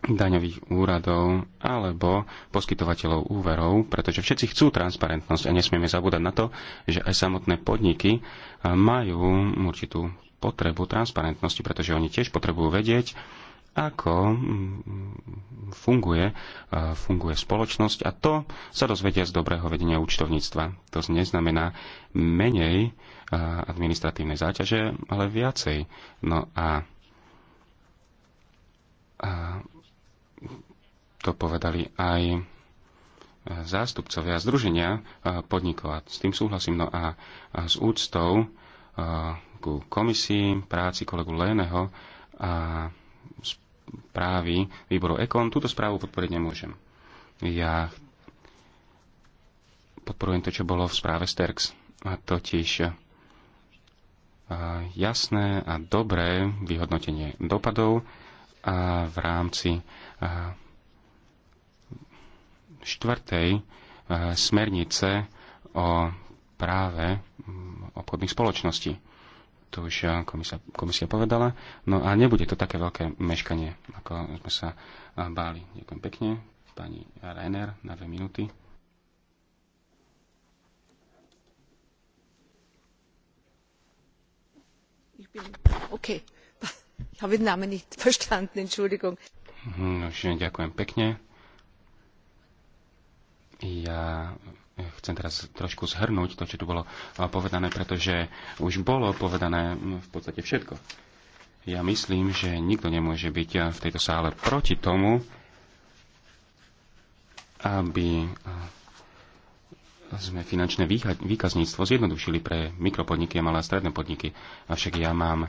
daňových úradov alebo poskytovateľov úverov, pretože všetci chcú transparentnosť a nesmieme zabúdať na to, že aj samotné podniky e, majú určitú potrebu transparentnosti, pretože oni tiež potrebujú vedieť, ako mm, funguje, e, funguje spoločnosť a to sa dozvedia z dobrého vedenia účtovníctva. To neznamená menej e, administratívnej záťaže, ale viacej. No a a to povedali aj zástupcovia združenia e, podnikov. A s tým súhlasím. No a s úctou e, ku komisii, práci kolegu Léneho a správy výboru EKON túto správu podporiť nemôžem. Ja podporujem to, čo bolo v správe STERX. A totiž e, jasné a dobré vyhodnotenie dopadov v rámci štvrtej smernice o práve mm, obchodných spoločností. To už komisia, komisia povedala. No a nebude to také veľké meškanie, ako sme sa báli. Ďakujem pekne. Pani Rainer na dve minúty. Okay. Ich habe den Namen nicht [LAUGHS] verstanden, Entschuldigung. Mhm, ďakujem pekne. Ja chcem teraz trošku zhrnúť to, čo tu bolo povedané, pretože už bolo povedané v podstate všetko. Ja myslím, že nikto nemôže byť v tejto sále proti tomu, aby sme finančné výkazníctvo zjednodušili pre mikropodniky a malé a stredné podniky. Avšak ja mám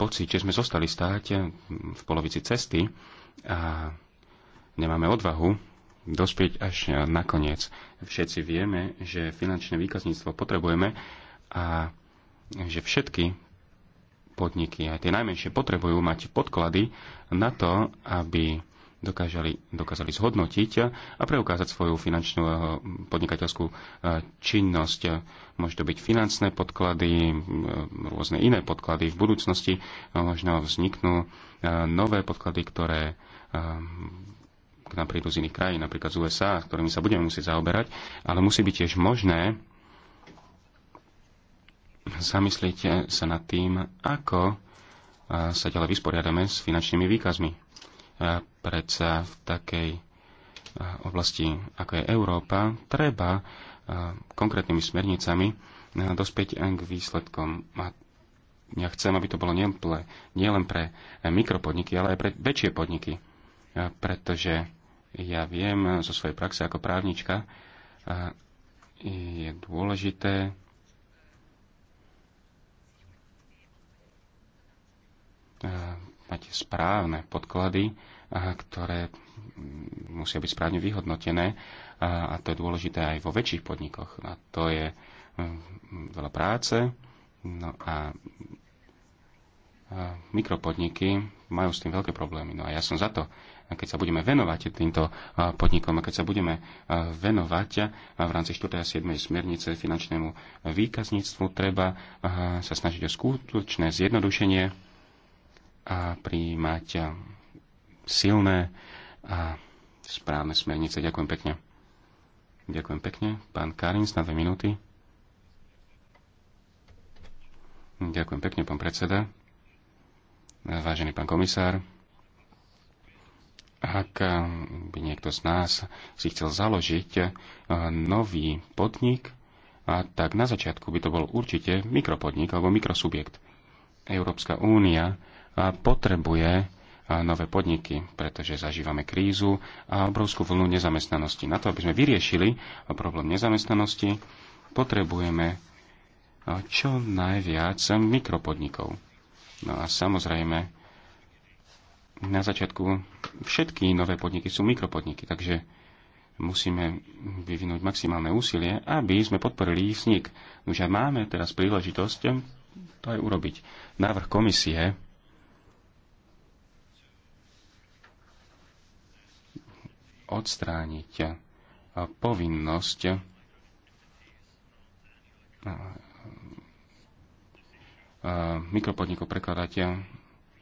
pocit, že sme zostali stáť v polovici cesty a nemáme odvahu dospieť až nakoniec Všetci vieme, že finančné výkazníctvo potrebujeme a že všetky podniky, aj tie najmenšie, potrebujú mať podklady na to, aby dokážali, dokázali zhodnotiť a preukázať svoju finančnú eh, podnikateľskú eh, činnosť. Môže to byť finančné podklady, eh, rôzne iné podklady. V budúcnosti možno vzniknú nové podklady, ktoré k nám prídu z iných krajín, napríklad z USA, s ktorými sa budeme musieť zaoberať, ale musí byť tiež možné zamyslieť sa nad tým, ako sa ďalej vysporiadame s finančnými výkazmi predsa v takej oblasti, ako je Európa, treba konkrétnymi smernicami dospäť e, k výsledkom. A ja chcem, aby to bolo nielen pre e, mikropodniky, ale aj pre väčšie podniky. Pretože ja viem e, zo svojej praxe ako právnička, je dôležité mať správne podklady, ktoré mm, musia byť správne vyhodnotené a to je dôležité aj vo väčších podnikoch. A to je mm, veľa práce no a mikropodniky majú s tým veľké problémy. No a ja som za to, keď sa budeme venovať týmto podnikom a keď sa budeme venovať v rámci 4. a 7. smernice finančnému výkazníctvu, treba sa snažiť o skutočné zjednodušenie a príjmať silné a správne smernice. Ďakujem pekne. Ďakujem pekne. Pán Karins na dve minúty. Ďakujem pekne, pán predseda. Vážený pán komisár, ak by niekto z nás si chcel založiť eh, nový podnik, tak na začiatku by to bol určite mikropodnik alebo mikrosubjekt. Európska únia eh, potrebuje nové podniky, pretože zažívame krízu a obrovskú vlnu nezamestnanosti. Na to, aby sme vyriešili problém nezamestnanosti, potrebujeme čo najviac mikropodnikov. No a samozrejme, na začiatku všetky nové podniky sú mikropodniky, takže musíme vyvinúť maximálne úsilie, aby sme podporili ich vznik. Už no, máme teraz príležitosť to aj urobiť. Návrh komisie odstrániť eh, povinnosť eh, eh, mikropodnikov prekladať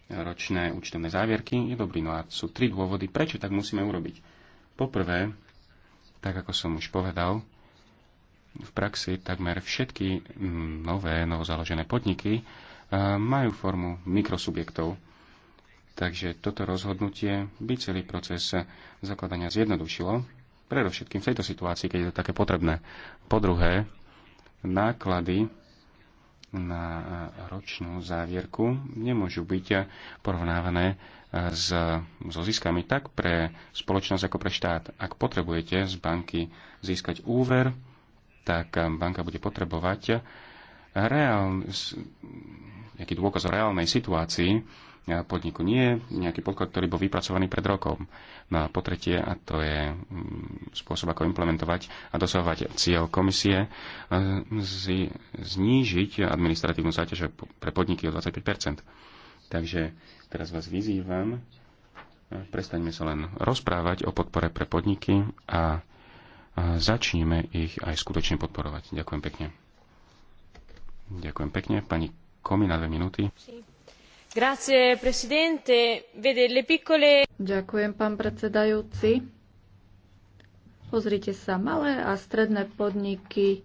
ročné účtovné závierky je dobrý. No a sú tri dôvody, prečo tak musíme urobiť. Poprvé, tak ako som už povedal, v praxi takmer všetky mm, nové, novozaložené podniky majú formu mikrosubjektov. Takže toto rozhodnutie by celý proces zakladania zjednodušilo, predovšetkým v tejto situácii, keď je to také potrebné. Po druhé, náklady na ročnú závierku nemôžu byť porovnávané s, so ziskami tak pre spoločnosť ako pre štát. Ak potrebujete z banky získať úver, tak banka bude potrebovať reál, nejaký dôkaz o reálnej situácii podniku. Nie nejaký podklad, ktorý bol vypracovaný pred rokom. No a po tretie, a to je mm, spôsob, ako implementovať a dosahovať cieľ komisie, e, znížiť administratívnu záťaž pre podniky o 25 Takže teraz vás vyzývam, e, prestaňme sa len rozprávať o podpore pre podniky a e, začníme ich aj skutočne podporovať. Ďakujem pekne. Ďakujem pekne. Pani na dve minúty. Ďakujem, pán predsedajúci. Pozrite sa, malé a stredné podniky,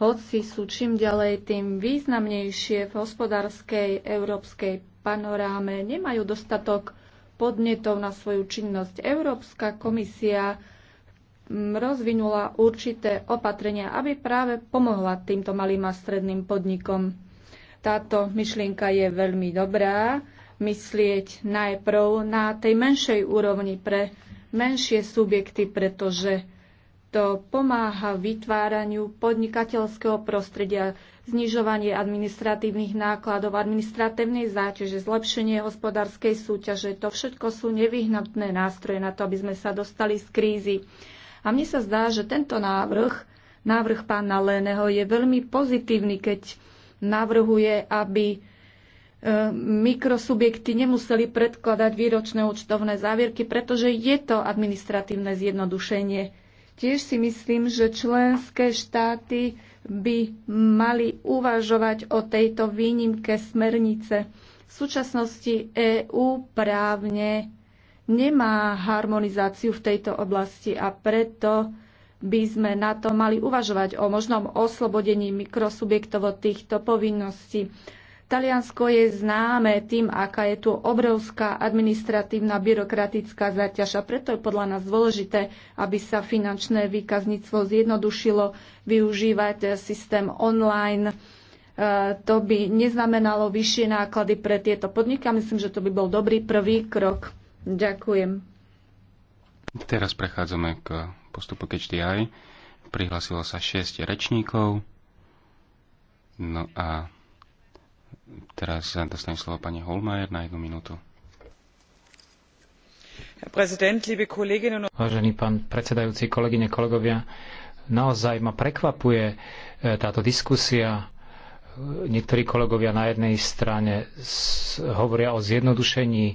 hoci sú čím ďalej tým významnejšie v hospodárskej európskej panoráme, nemajú dostatok podnetov na svoju činnosť. Európska komisia mm, rozvinula určité opatrenia, aby práve pomohla týmto malým a stredným podnikom. Táto myšlienka je veľmi dobrá. Myslieť najprv na tej menšej úrovni pre menšie subjekty, pretože to pomáha vytváraniu podnikateľského prostredia, znižovanie administratívnych nákladov, administratívnej záťaže, zlepšenie hospodárskej súťaže. To všetko sú nevyhnutné nástroje na to, aby sme sa dostali z krízy. A mne sa zdá, že tento návrh, návrh pána Léneho, je veľmi pozitívny, keď navrhuje, aby e, mikrosubjekty nemuseli predkladať výročné účtovné závierky, pretože je to administratívne zjednodušenie. Tiež si myslím, že členské štáty by mali uvažovať o tejto výnimke smernice. V súčasnosti EÚ právne nemá harmonizáciu v tejto oblasti a preto by sme na to mali uvažovať o možnom oslobodení mikrosubjektov od týchto povinností. Taliansko je známe tým, aká je tu obrovská administratívna byrokratická záťaž a preto je podľa nás dôležité, aby sa finančné výkazníctvo zjednodušilo využívať systém online. E, to by neznamenalo vyššie náklady pre tieto podniky a myslím, že to by bol dobrý prvý krok. Ďakujem. Teraz prechádzame k postupu KHDI. Prihlasilo sa 6 rečníkov. No a teraz dostane slovo pani Holmajer na jednu minútu. Vážený pán predsedajúci, kolegyne, kolegovia, naozaj ma prekvapuje e, táto diskusia. Niektorí kolegovia na jednej strane hovoria o zjednodušení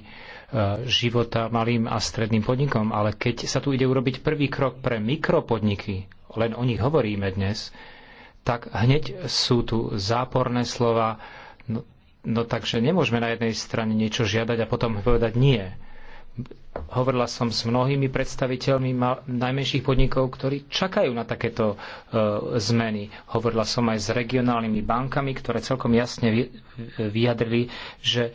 života malým a stredným podnikom, ale keď sa tu ide urobiť prvý krok pre mikropodniky, len o nich hovoríme dnes, tak hneď sú tu záporné slova, no, no takže nemôžeme na jednej strane niečo žiadať a potom povedať nie. Hovorila som s mnohými predstaviteľmi najmenších podnikov, ktorí čakajú na takéto e, zmeny. Hovorila som aj s regionálnymi bankami, ktoré celkom jasne vyjadrili, že e,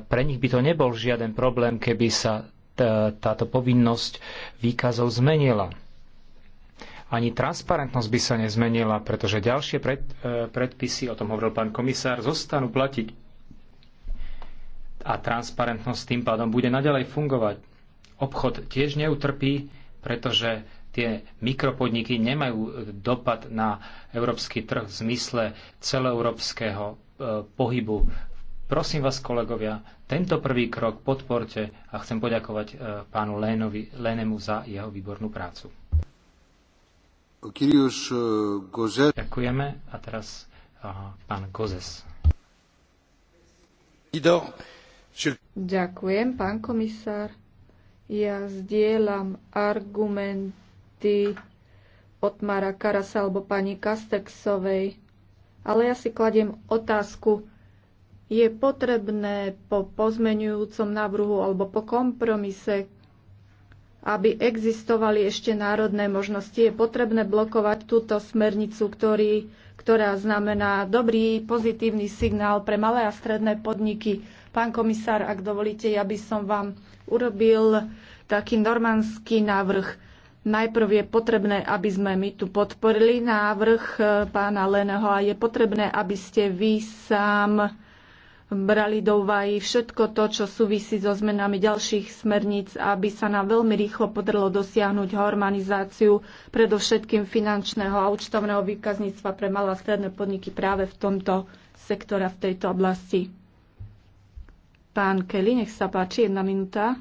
pre nich by to nebol žiaden problém, keby sa táto povinnosť výkazov zmenila ani transparentnosť by sa nezmenila, pretože ďalšie pred, e, predpisy, o tom hovoril pán komisár, zostanú platiť a transparentnosť tým pádom bude naďalej fungovať. Obchod tiež neutrpí, pretože tie mikropodniky nemajú e, dopad na európsky trh v zmysle celoeurópskeho e, pohybu. Prosím vás, kolegovia, tento prvý krok podporte a chcem poďakovať e, pánu Lénovi, Lénemu za jeho výbornú prácu. Ďakujeme. A teraz aha, pán Gozes. Ďakujem, pán komisár. Ja zdieľam argumenty Otmara Karasa alebo pani Kastexovej, ale ja si kladiem otázku, je potrebné po pozmenujúcom návrhu alebo po kompromise, aby existovali ešte národné možnosti, je potrebné blokovať túto smernicu, ktorý, ktorá znamená dobrý, pozitívny signál pre malé a stredné podniky. Pán komisár, ak dovolíte, ja by som vám urobil taký normandský návrh. Najprv je potrebné, aby sme my tu podporili návrh e, pána Leného a je potrebné, aby ste vy sám brali do úvahy všetko to, čo súvisí so zmenami ďalších smerníc, aby sa nám veľmi rýchlo podarilo dosiahnuť harmonizáciu predovšetkým finančného a účtovného výkazníctva pre malé a stredné podniky práve v tomto sektora, v tejto oblasti. Pán Kelly, nech sa páči, jedna minúta.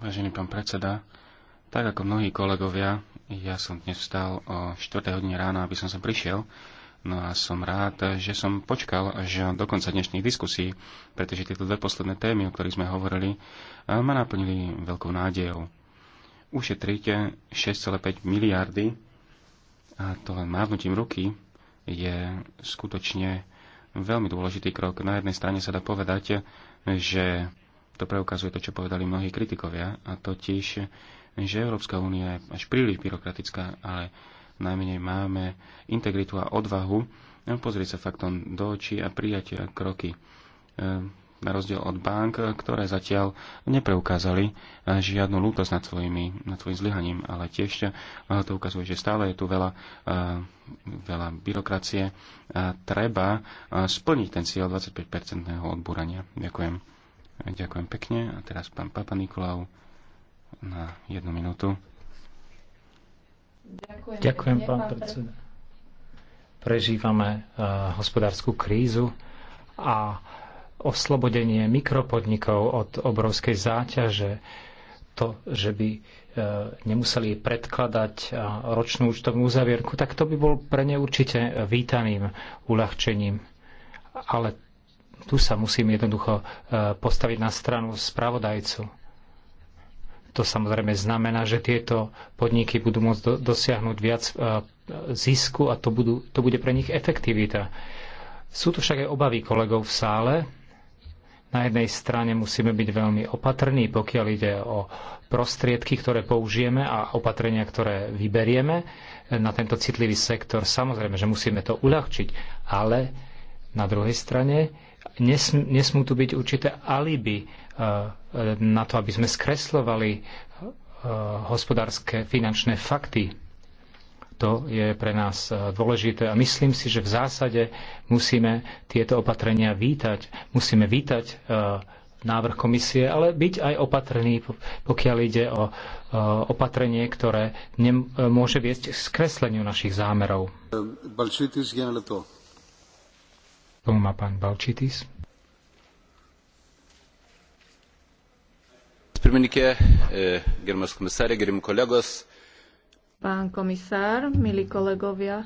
Vážený pán predseda, tak ako mnohí kolegovia, ja som dnes vstal o 4. hodine rána, aby som sem prišiel. No a som rád, že som počkal až do konca dnešných diskusí, pretože tieto dve posledné témy, o ktorých sme hovorili, eh, ma naplnili veľkou nádejou. Ušetríte 6,5 miliardy, a to len mávnutím ruky, je skutočne veľmi dôležitý krok. Na jednej strane sa dá povedať, že to preukazuje to, čo povedali mnohí kritikovia, a totiž, že Európska únia je až príliš byrokratická, ale najmenej máme integritu a odvahu no, pozrieť sa faktom do očí a prijať kroky. Ehm, na rozdiel od bank, ktoré zatiaľ nepreukázali eh, žiadnu lútosť nad, svojimi, nad svojim zlyhaním, ale tiež eh, to ukazuje, že stále je tu veľa, eh, veľa byrokracie. A treba splniť ten cieľ 25-percentného odbúrania. Ďakujem. Ďakujem pekne. A teraz pán Papa Nikolau na jednu minútu. Ďakujem, Ďakujem pán, pán predseda. Prežívame uh, hospodárskú krízu a oslobodenie mikropodnikov od obrovskej záťaže, to, že by e, nemuseli predkladať e, ročnú účtovnú uzavierku, tak to by bol pre ne určite vítaným uľahčením. Ale tu sa musím jednoducho e, postaviť na stranu spravodajcu. To samozrejme znamená, že tieto podniky budú môcť dosiahnuť viac zisku a to, budú, to bude pre nich efektivita. Sú tu však aj obavy kolegov v sále, na jednej strane musíme byť veľmi opatrní, pokiaľ ide o prostriedky, ktoré použijeme a opatrenia, ktoré vyberieme na tento citlivý sektor. Samozrejme, že musíme to uľahčiť, ale na druhej strane nesm, nesmú tu byť určité aliby e, na to, aby sme skreslovali e, hospodárske finančné fakty to je pre nás e, dôležité a myslím si, že v zásade musíme tieto opatrenia vítať. Musíme vítať e, návrh komisie, ale byť aj opatrný, pokiaľ ide o e, opatrenie, ktoré môže viesť k skresleniu našich zámerov. Balčitis, Tomu má pán Balčitis. Pirmininkė, gerbiamas komisarė, gerbiami kolegos. Pán komisár, milí kolegovia,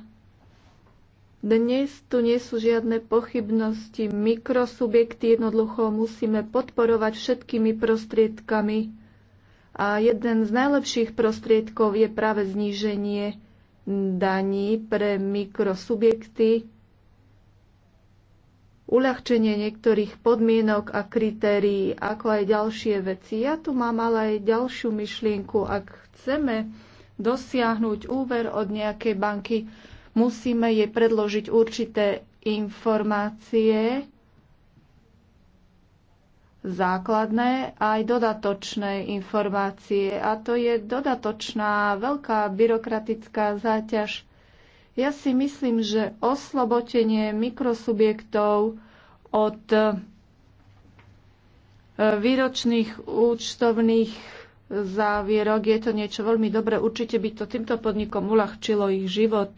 dnes tu nie sú žiadne pochybnosti. Mikrosubjekty jednoducho musíme podporovať všetkými prostriedkami. A jeden z najlepších prostriedkov je práve zníženie daní pre mikrosubjekty, uľahčenie niektorých podmienok a kritérií, ako aj ďalšie veci. Ja tu mám ale aj ďalšiu myšlienku. Ak chceme dosiahnuť úver od nejakej banky, musíme jej predložiť určité informácie, základné aj dodatočné informácie. A to je dodatočná veľká byrokratická záťaž. Ja si myslím, že oslobotenie mikrosubjektov od e, výročných účtovných závierok. Je to niečo veľmi dobré. Určite by to týmto podnikom uľahčilo ich život.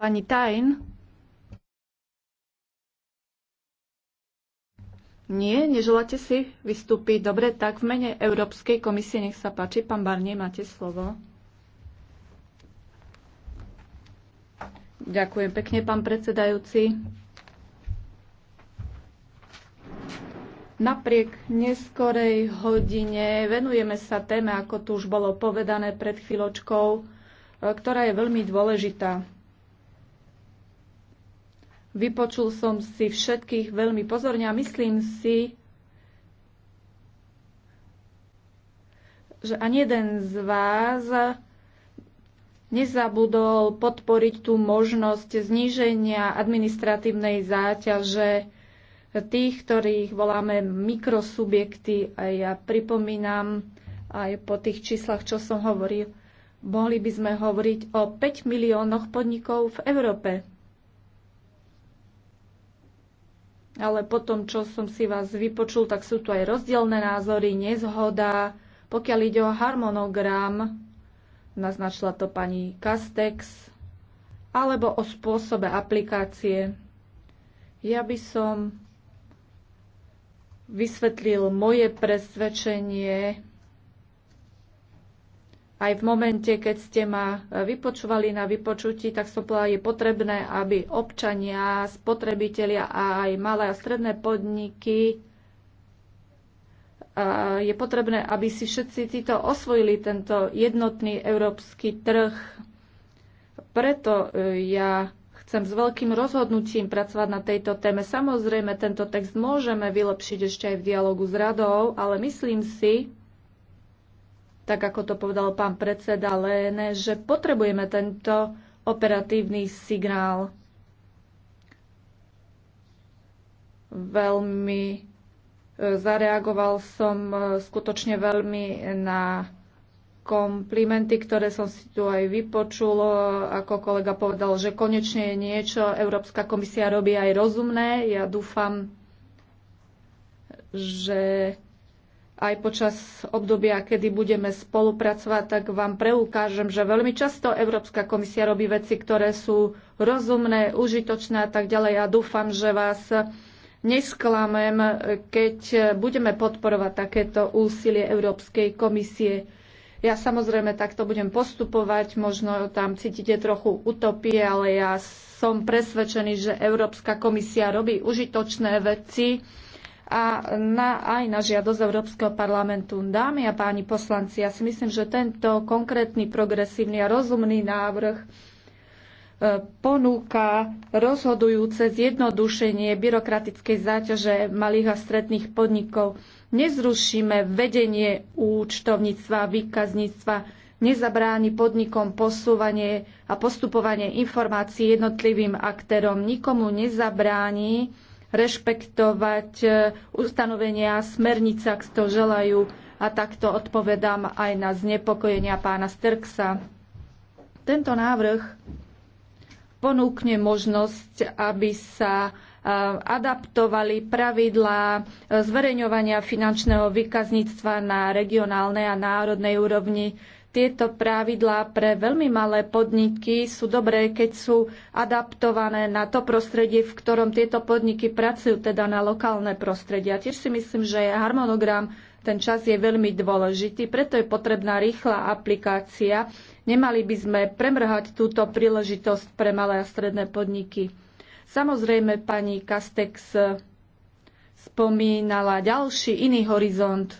Pani Tajn, Nie, neželáte si vystúpiť. Dobre, tak v mene Európskej komisie nech sa páči. Pán Barnie, máte slovo. Ďakujem pekne, pán predsedajúci. Napriek neskorej hodine venujeme sa téme, ako tu už bolo povedané pred chvíľočkou, e, ktorá je veľmi dôležitá. Vypočul som si všetkých veľmi pozorne a myslím si, že ani jeden z vás nezabudol podporiť tú možnosť zníženia administratívnej záťaže tých, ktorých voláme mikrosubjekty. A ja pripomínam aj po tých číslach, čo som hovoril, mohli by sme hovoriť o 5 miliónoch podnikov v Európe. ale potom, čo som si vás vypočul, tak sú tu aj rozdielne názory, nezhoda. Pokiaľ ide o harmonogram, naznačila to pani Castex, alebo o spôsobe aplikácie. Ja by som vysvetlil moje presvedčenie aj v momente, keď ste ma e, vypočúvali na vypočutí, tak som povedala, je potrebné, aby občania, spotrebitelia a aj malé a stredné podniky e, je potrebné, aby si všetci títo osvojili tento jednotný európsky trh. Preto e, ja chcem s veľkým rozhodnutím pracovať na tejto téme. Samozrejme, tento text môžeme vylepšiť ešte aj v dialogu s radou, ale myslím si, tak ako to povedal pán predseda Léne, že potrebujeme tento operatívny signál. Veľmi e, zareagoval som e, skutočne veľmi na komplimenty, ktoré som si tu aj vypočul, e, ako kolega povedal, že konečne je niečo, Európska komisia robí aj rozumné. Ja dúfam, že aj počas obdobia, kedy budeme spolupracovať, tak vám preukážem, že veľmi často Európska komisia robí veci, ktoré sú rozumné, užitočné a tak ďalej. Ja dúfam, že vás nesklamem, keď budeme podporovať takéto úsilie Európskej komisie. Ja samozrejme takto budem postupovať, možno tam cítite trochu utopie, ale ja som presvedčený, že Európska komisia robí užitočné veci a na, aj na žiadosť Európskeho parlamentu. Dámy a páni poslanci, ja si myslím, že tento konkrétny, progresívny a rozumný návrh e, ponúka rozhodujúce zjednodušenie byrokratickej záťaže malých a stredných podnikov. Nezrušíme vedenie účtovníctva, výkazníctva, nezabráni podnikom posúvanie a postupovanie informácií jednotlivým aktérom, nikomu nezabráni rešpektovať e, ustanovenia smernica, ak to želajú. A takto odpovedám aj na znepokojenia pána Sterksa. Tento návrh ponúkne možnosť, aby sa e, adaptovali pravidlá e, zverejňovania finančného vykazníctva na regionálnej a národnej úrovni tieto pravidlá pre veľmi malé podniky sú dobré, keď sú adaptované na to prostredie, v ktorom tieto podniky pracujú, teda na lokálne prostredie. A tiež si myslím, že harmonogram, ten čas je veľmi dôležitý, preto je potrebná rýchla aplikácia. Nemali by sme premrhať túto príležitosť pre malé a stredné podniky. Samozrejme, pani Kastex spomínala ďalší iný horizont,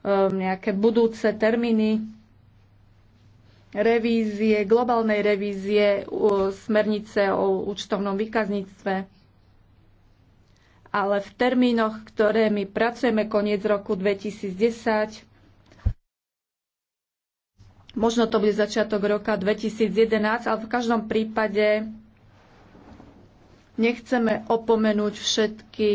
ehm, nejaké budúce termíny revízie, globálnej revízie smernice o účtovnom výkazníctve. Ale v termínoch, ktoré my pracujeme koniec roku 2010, možno to bude začiatok roka 2011, ale v každom prípade nechceme opomenúť všetky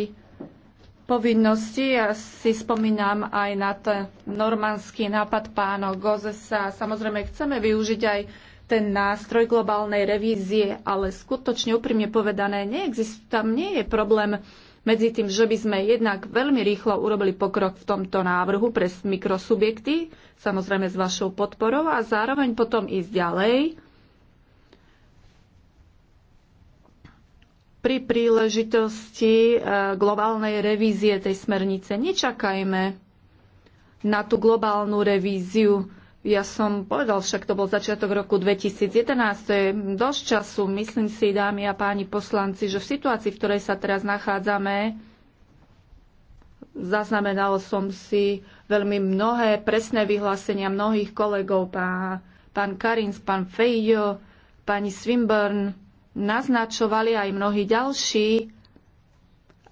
povinnosti. Ja si spomínam aj na ten normanský nápad pána Gozesa. Samozrejme, chceme využiť aj ten nástroj globálnej revízie, ale skutočne úprimne povedané, neexistuje, tam nie je problém medzi tým, že by sme jednak veľmi rýchlo urobili pokrok v tomto návrhu pre mikrosubjekty, samozrejme s vašou podporou, a zároveň potom ísť ďalej pri príležitosti e, globálnej revízie tej smernice. Nečakajme na tú globálnu revíziu. Ja som povedal, však to bol začiatok roku 2011, to je dosť času. Myslím si, dámy a páni poslanci, že v situácii, v ktorej sa teraz nachádzame, zaznamenal som si veľmi mnohé presné vyhlásenia mnohých kolegov, pán, pán Karins, pán Fejo, pani Swinburne, naznačovali aj mnohí ďalší,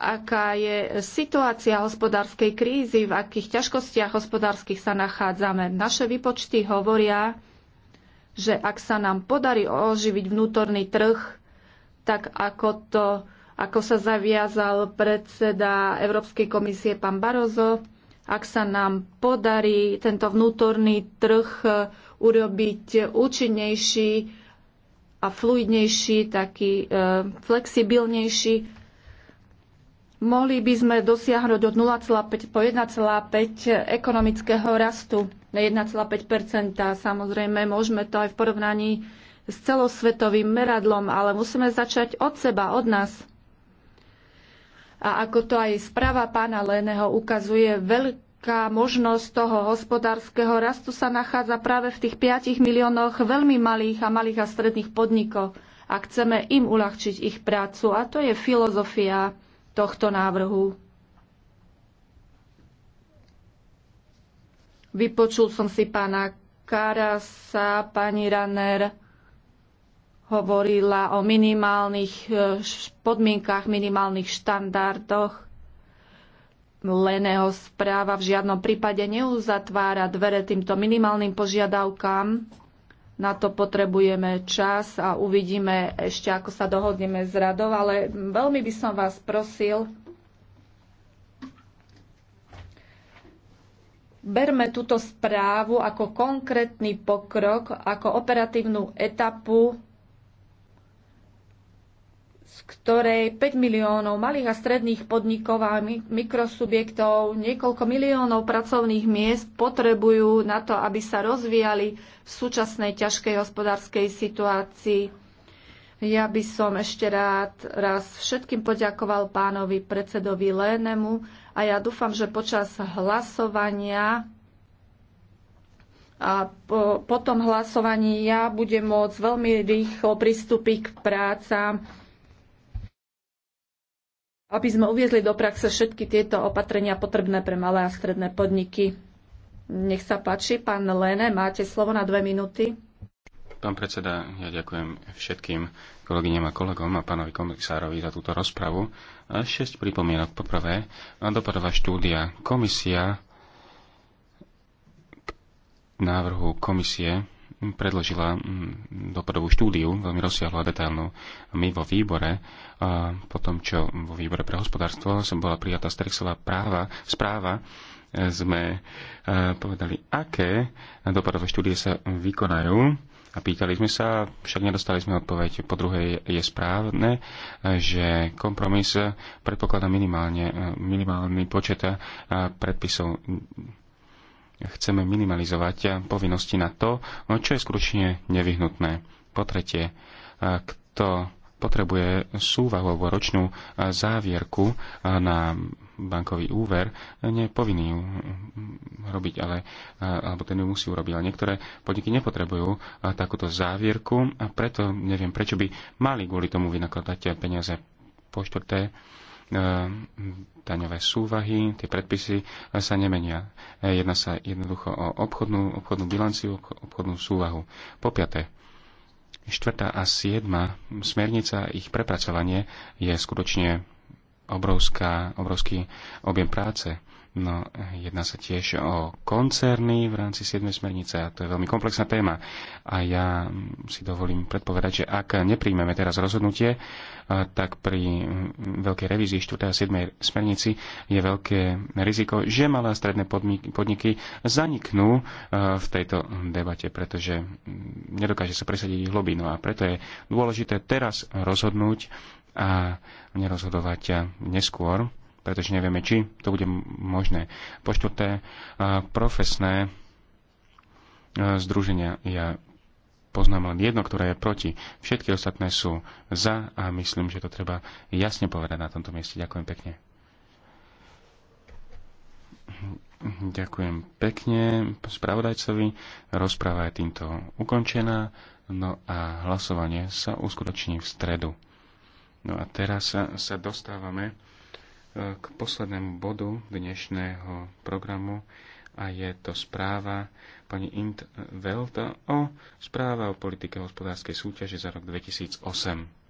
aká je situácia hospodárskej krízy, v akých ťažkostiach hospodárskych sa nachádzame. Naše výpočty hovoria, že ak sa nám podarí oživiť vnútorný trh, tak ako to ako sa zaviazal predseda Európskej komisie pán Barozo, ak sa nám podarí tento vnútorný trh eh, urobiť účinnejší, a fluidnejší, taký e, flexibilnejší. Mohli by sme dosiahnuť od 0,5 po 1,5 ekonomického rastu na 1,5 Samozrejme, môžeme to aj v porovnaní s celosvetovým meradlom, ale musíme začať od seba, od nás. A ako to aj správa pána Leného ukazuje, veľký veľká možnosť toho hospodárskeho rastu sa nachádza práve v tých 5 miliónoch veľmi malých a malých a stredných podnikov a chceme im uľahčiť ich prácu. A to je filozofia tohto návrhu. Vypočul som si pána Karasa, pani Raner hovorila o minimálnych eh, podmienkách, minimálnych štandardoch Leného správa v žiadnom prípade neuzatvára dvere týmto minimálnym požiadavkám. Na to potrebujeme čas a uvidíme ešte, ako sa dohodneme s radou, ale veľmi by som vás prosil, berme túto správu ako konkrétny pokrok, ako operatívnu etapu ktorej 5 miliónov malých a stredných podnikov a mikrosubjektov, niekoľko miliónov pracovných miest potrebujú na to, aby sa rozvíjali v súčasnej ťažkej hospodárskej situácii. Ja by som ešte rád raz všetkým poďakoval pánovi predsedovi Lénemu a ja dúfam, že počas hlasovania a po, po tom hlasovaní ja budem môcť veľmi rýchlo pristúpiť k prácam aby sme uviezli do praxe všetky tieto opatrenia potrebné pre malé a stredné podniky. Nech sa páči, pán Lene, máte slovo na dve minúty. Pán predseda, ja ďakujem všetkým kolegyňam a kolegom a pánovi komisárovi za túto rozpravu. A šesť pripomienok. Poprvé, dopadová štúdia. Komisia k návrhu komisie predložila mm, dopadovú štúdiu, veľmi rozsiahlu a detailnú. My vo výbore, po tom, čo vo výbore pre hospodárstvo som bola prijatá stresová práva, správa, e, sme e, povedali, aké dopadové štúdie sa vykonajú. A pýtali sme sa, však nedostali sme odpoveď. Po druhej je správne, e, že kompromis predpokladá minimálne, minimálny počet predpisov chceme minimalizovať povinnosti na to, čo je skutočne nevyhnutné. Po tretie, kto potrebuje súvahu alebo ročnú závierku na bankový úver, nie je povinný ju robiť, ale, alebo ten ju musí urobiť. Ale niektoré podniky nepotrebujú takúto závierku a preto neviem, prečo by mali kvôli tomu vynakladať peniaze. Po štvrté, Ehm, daňové súvahy, tie predpisy eh, sa nemenia. Eh, jedná sa jednoducho o obchodnú, obchodnú bilanciu, obchodnú súvahu. Po piaté, štvrtá a siedma smernica, ich prepracovanie je skutočne obrovská, obrovský objem práce. No, jedná sa tiež o koncerny v rámci 7. smernice a to je veľmi komplexná téma. A ja si dovolím predpovedať, že ak nepríjmeme teraz rozhodnutie, e, tak pri veľkej revízii 4. a 7. smernici je veľké riziko, že malé a stredné podniky zaniknú e, v tejto debate, pretože nedokáže sa presadiť ich lobby. No a preto je dôležité teraz rozhodnúť a nerozhodovať neskôr pretože nevieme, či to bude možné. Po štvrté, profesné združenia. Ja poznám len jedno, ktoré je proti. Všetky ostatné sú za a myslím, že to treba jasne povedať na tomto mieste. Ďakujem pekne. Ďakujem pekne spravodajcovi. Rozpráva je týmto ukončená. No a hlasovanie sa uskutoční v stredu. No a teraz sa, sa dostávame k poslednému bodu dnešného programu a je to správa pani Int Velta o správa o politike hospodárskej súťaže za rok 2008.